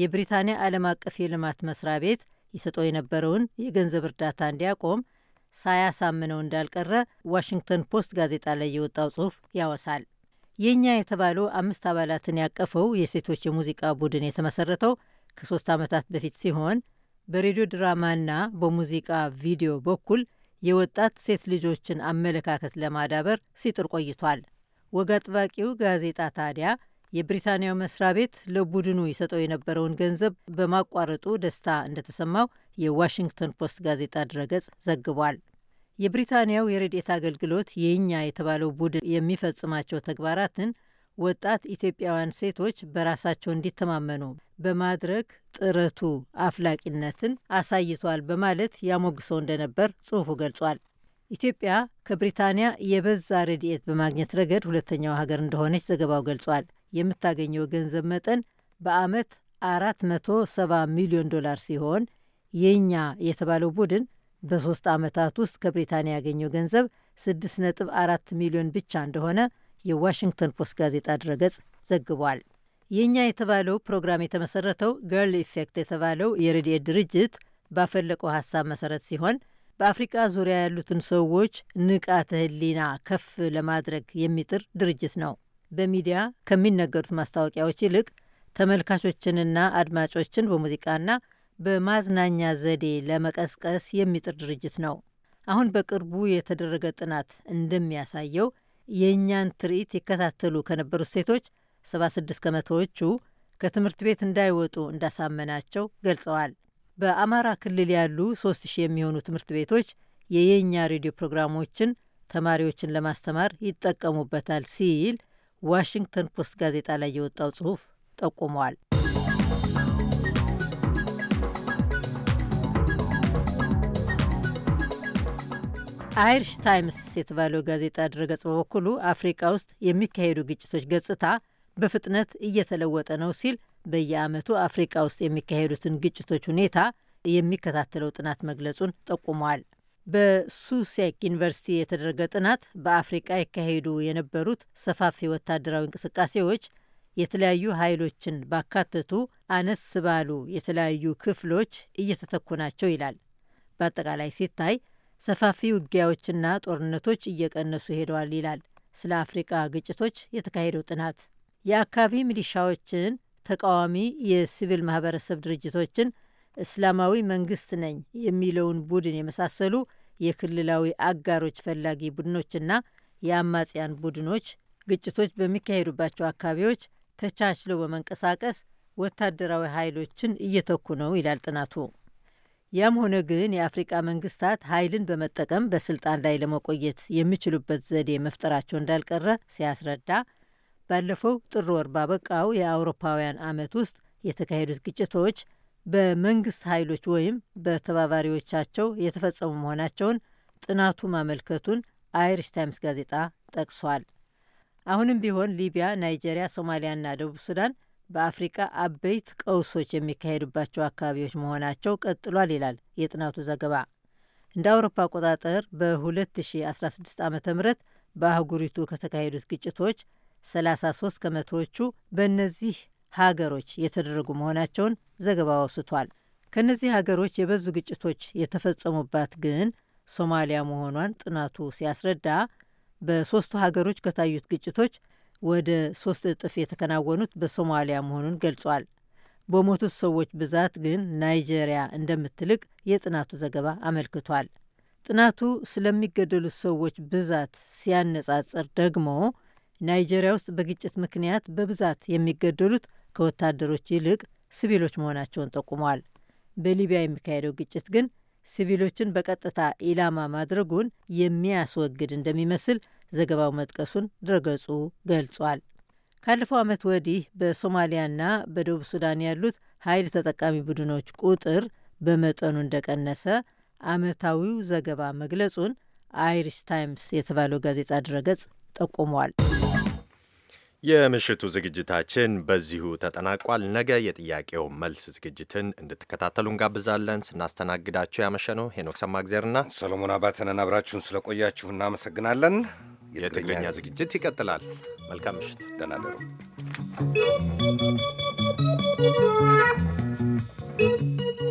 የብሪታንያ ዓለም አቀፍ የልማት መስሪያ ቤት ይሰጠው የነበረውን የገንዘብ እርዳታ እንዲያቆም ሳያሳምነው እንዳልቀረ ዋሽንግተን ፖስት ጋዜጣ ላይ የወጣው ጽሑፍ ያወሳል። የእኛ የተባለው አምስት አባላትን ያቀፈው የሴቶች የሙዚቃ ቡድን የተመሰረተው ከሶስት ዓመታት በፊት ሲሆን በሬዲዮ ድራማና በሙዚቃ ቪዲዮ በኩል የወጣት ሴት ልጆችን አመለካከት ለማዳበር ሲጥር ቆይቷል። ወግ አጥባቂው ጋዜጣ ታዲያ የብሪታንያው መስሪያ ቤት ለቡድኑ ይሰጠው የነበረውን ገንዘብ በማቋረጡ ደስታ እንደተሰማው የዋሽንግተን ፖስት ጋዜጣ ድረገጽ ዘግቧል። የብሪታንያው የረድኤት አገልግሎት የእኛ የተባለው ቡድን የሚፈጽማቸው ተግባራትን ወጣት ኢትዮጵያውያን ሴቶች በራሳቸው እንዲተማመኑ በማድረግ ጥረቱ አፍላቂነትን አሳይቷል በማለት ያሞግሰው እንደነበር ጽሑፉ ገልጿል። ኢትዮጵያ ከብሪታንያ የበዛ ረድኤት በማግኘት ረገድ ሁለተኛው ሀገር እንደሆነች ዘገባው ገልጿል። የምታገኘው ገንዘብ መጠን በዓመት 470 ሚሊዮን ዶላር ሲሆን የእኛ የተባለው ቡድን በሶስት ዓመታት ውስጥ ከብሪታንያ ያገኘው ገንዘብ 6.4 ሚሊዮን ብቻ እንደሆነ የዋሽንግተን ፖስት ጋዜጣ ድረገጽ ዘግቧል። የእኛ የተባለው ፕሮግራም የተመሰረተው ገርል ኢፌክት የተባለው የረድኤት ድርጅት ባፈለቀው ሀሳብ መሰረት ሲሆን በአፍሪቃ ዙሪያ ያሉትን ሰዎች ንቃተ ህሊና ከፍ ለማድረግ የሚጥር ድርጅት ነው። በሚዲያ ከሚነገሩት ማስታወቂያዎች ይልቅ ተመልካቾችንና አድማጮችን በሙዚቃና በማዝናኛ ዘዴ ለመቀስቀስ የሚጥር ድርጅት ነው። አሁን በቅርቡ የተደረገ ጥናት እንደሚያሳየው የእኛን ትርኢት ይከታተሉ ከነበሩት ሴቶች 76 ከመቶዎቹ ከትምህርት ቤት እንዳይወጡ እንዳሳመናቸው ገልጸዋል። በአማራ ክልል ያሉ 3000 የሚሆኑ ትምህርት ቤቶች የየኛ ሬዲዮ ፕሮግራሞችን ተማሪዎችን ለማስተማር ይጠቀሙበታል ሲል ዋሽንግተን ፖስት ጋዜጣ ላይ የወጣው ጽሑፍ ጠቁመዋል። አይሪሽ ታይምስ የተባለው ጋዜጣ ድረገጽ በበኩሉ አፍሪቃ ውስጥ የሚካሄዱ ግጭቶች ገጽታ በፍጥነት እየተለወጠ ነው ሲል በየዓመቱ አፍሪቃ ውስጥ የሚካሄዱትን ግጭቶች ሁኔታ የሚከታተለው ጥናት መግለጹን ጠቁመዋል። በሱሴክ ዩኒቨርሲቲ የተደረገ ጥናት በአፍሪቃ ይካሄዱ የነበሩት ሰፋፊ ወታደራዊ እንቅስቃሴዎች የተለያዩ ኃይሎችን ባካተቱ አነስ ባሉ የተለያዩ ክፍሎች እየተተኩ ናቸው ይላል። በአጠቃላይ ሲታይ ሰፋፊ ውጊያዎችና ጦርነቶች እየቀነሱ ሄደዋል ይላል ስለ አፍሪቃ ግጭቶች የተካሄደው ጥናት። የአካባቢ ሚሊሻዎችን፣ ተቃዋሚ የሲቪል ማህበረሰብ ድርጅቶችን፣ እስላማዊ መንግስት ነኝ የሚለውን ቡድን የመሳሰሉ የክልላዊ አጋሮች ፈላጊ ቡድኖችና የአማጽያን ቡድኖች ግጭቶች በሚካሄዱባቸው አካባቢዎች ተቻችለው በመንቀሳቀስ ወታደራዊ ኃይሎችን እየተኩ ነው ይላል ጥናቱ። ያም ሆነ ግን የአፍሪቃ መንግስታት ኃይልን በመጠቀም በስልጣን ላይ ለመቆየት የሚችሉበት ዘዴ መፍጠራቸው እንዳልቀረ ሲያስረዳ ባለፈው ጥር ወር ባበቃው የአውሮፓውያን ዓመት ውስጥ የተካሄዱት ግጭቶች በመንግስት ኃይሎች ወይም በተባባሪዎቻቸው የተፈጸሙ መሆናቸውን ጥናቱ ማመልከቱን አይሪሽ ታይምስ ጋዜጣ ጠቅሷል። አሁንም ቢሆን ሊቢያ፣ ናይጄሪያ፣ ሶማሊያና ደቡብ ሱዳን በአፍሪቃ አበይት ቀውሶች የሚካሄዱባቸው አካባቢዎች መሆናቸው ቀጥሏል ይላል የጥናቱ ዘገባ። እንደ አውሮፓ አቆጣጠር በ2016 ዓ ም በአህጉሪቱ ከተካሄዱት ግጭቶች 33 ከመቶዎቹ በእነዚህ ሀገሮች የተደረጉ መሆናቸውን ዘገባ አውስቷል። ከእነዚህ ሀገሮች የበዙ ግጭቶች የተፈጸሙባት ግን ሶማሊያ መሆኗን ጥናቱ ሲያስረዳ በሦስቱ ሀገሮች ከታዩት ግጭቶች ወደ ሶስት እጥፍ የተከናወኑት በሶማሊያ መሆኑን ገልጿል። በሞቱት ሰዎች ብዛት ግን ናይጄሪያ እንደምትልቅ የጥናቱ ዘገባ አመልክቷል። ጥናቱ ስለሚገደሉት ሰዎች ብዛት ሲያነጻጽር ደግሞ ናይጄሪያ ውስጥ በግጭት ምክንያት በብዛት የሚገደሉት ከወታደሮች ይልቅ ሲቪሎች መሆናቸውን ጠቁሟል። በሊቢያ የሚካሄደው ግጭት ግን ሲቪሎችን በቀጥታ ኢላማ ማድረጉን የሚያስወግድ እንደሚመስል ዘገባው መጥቀሱን ድረገጹ ገልጿል። ካለፈው ዓመት ወዲህ በሶማሊያና በደቡብ ሱዳን ያሉት ኃይል ተጠቃሚ ቡድኖች ቁጥር በመጠኑ እንደቀነሰ ዓመታዊው ዘገባ መግለጹን አይሪሽ ታይምስ የተባለው ጋዜጣ ድረገጽ ጠቁሟል። የምሽቱ ዝግጅታችን በዚሁ ተጠናቋል። ነገ የጥያቄው መልስ ዝግጅትን እንድትከታተሉ እንጋብዛለን። ስናስተናግዳችሁ ያመሸነው ሄኖክ ሰማእግዜርና ሰሎሞን አባተነን። አብራችሁን ስለቆያችሁ እናመሰግናለን። የትግርኛ ዝግጅት ይቀጥላል። መልካም ምሽት። ደህና ደሩ።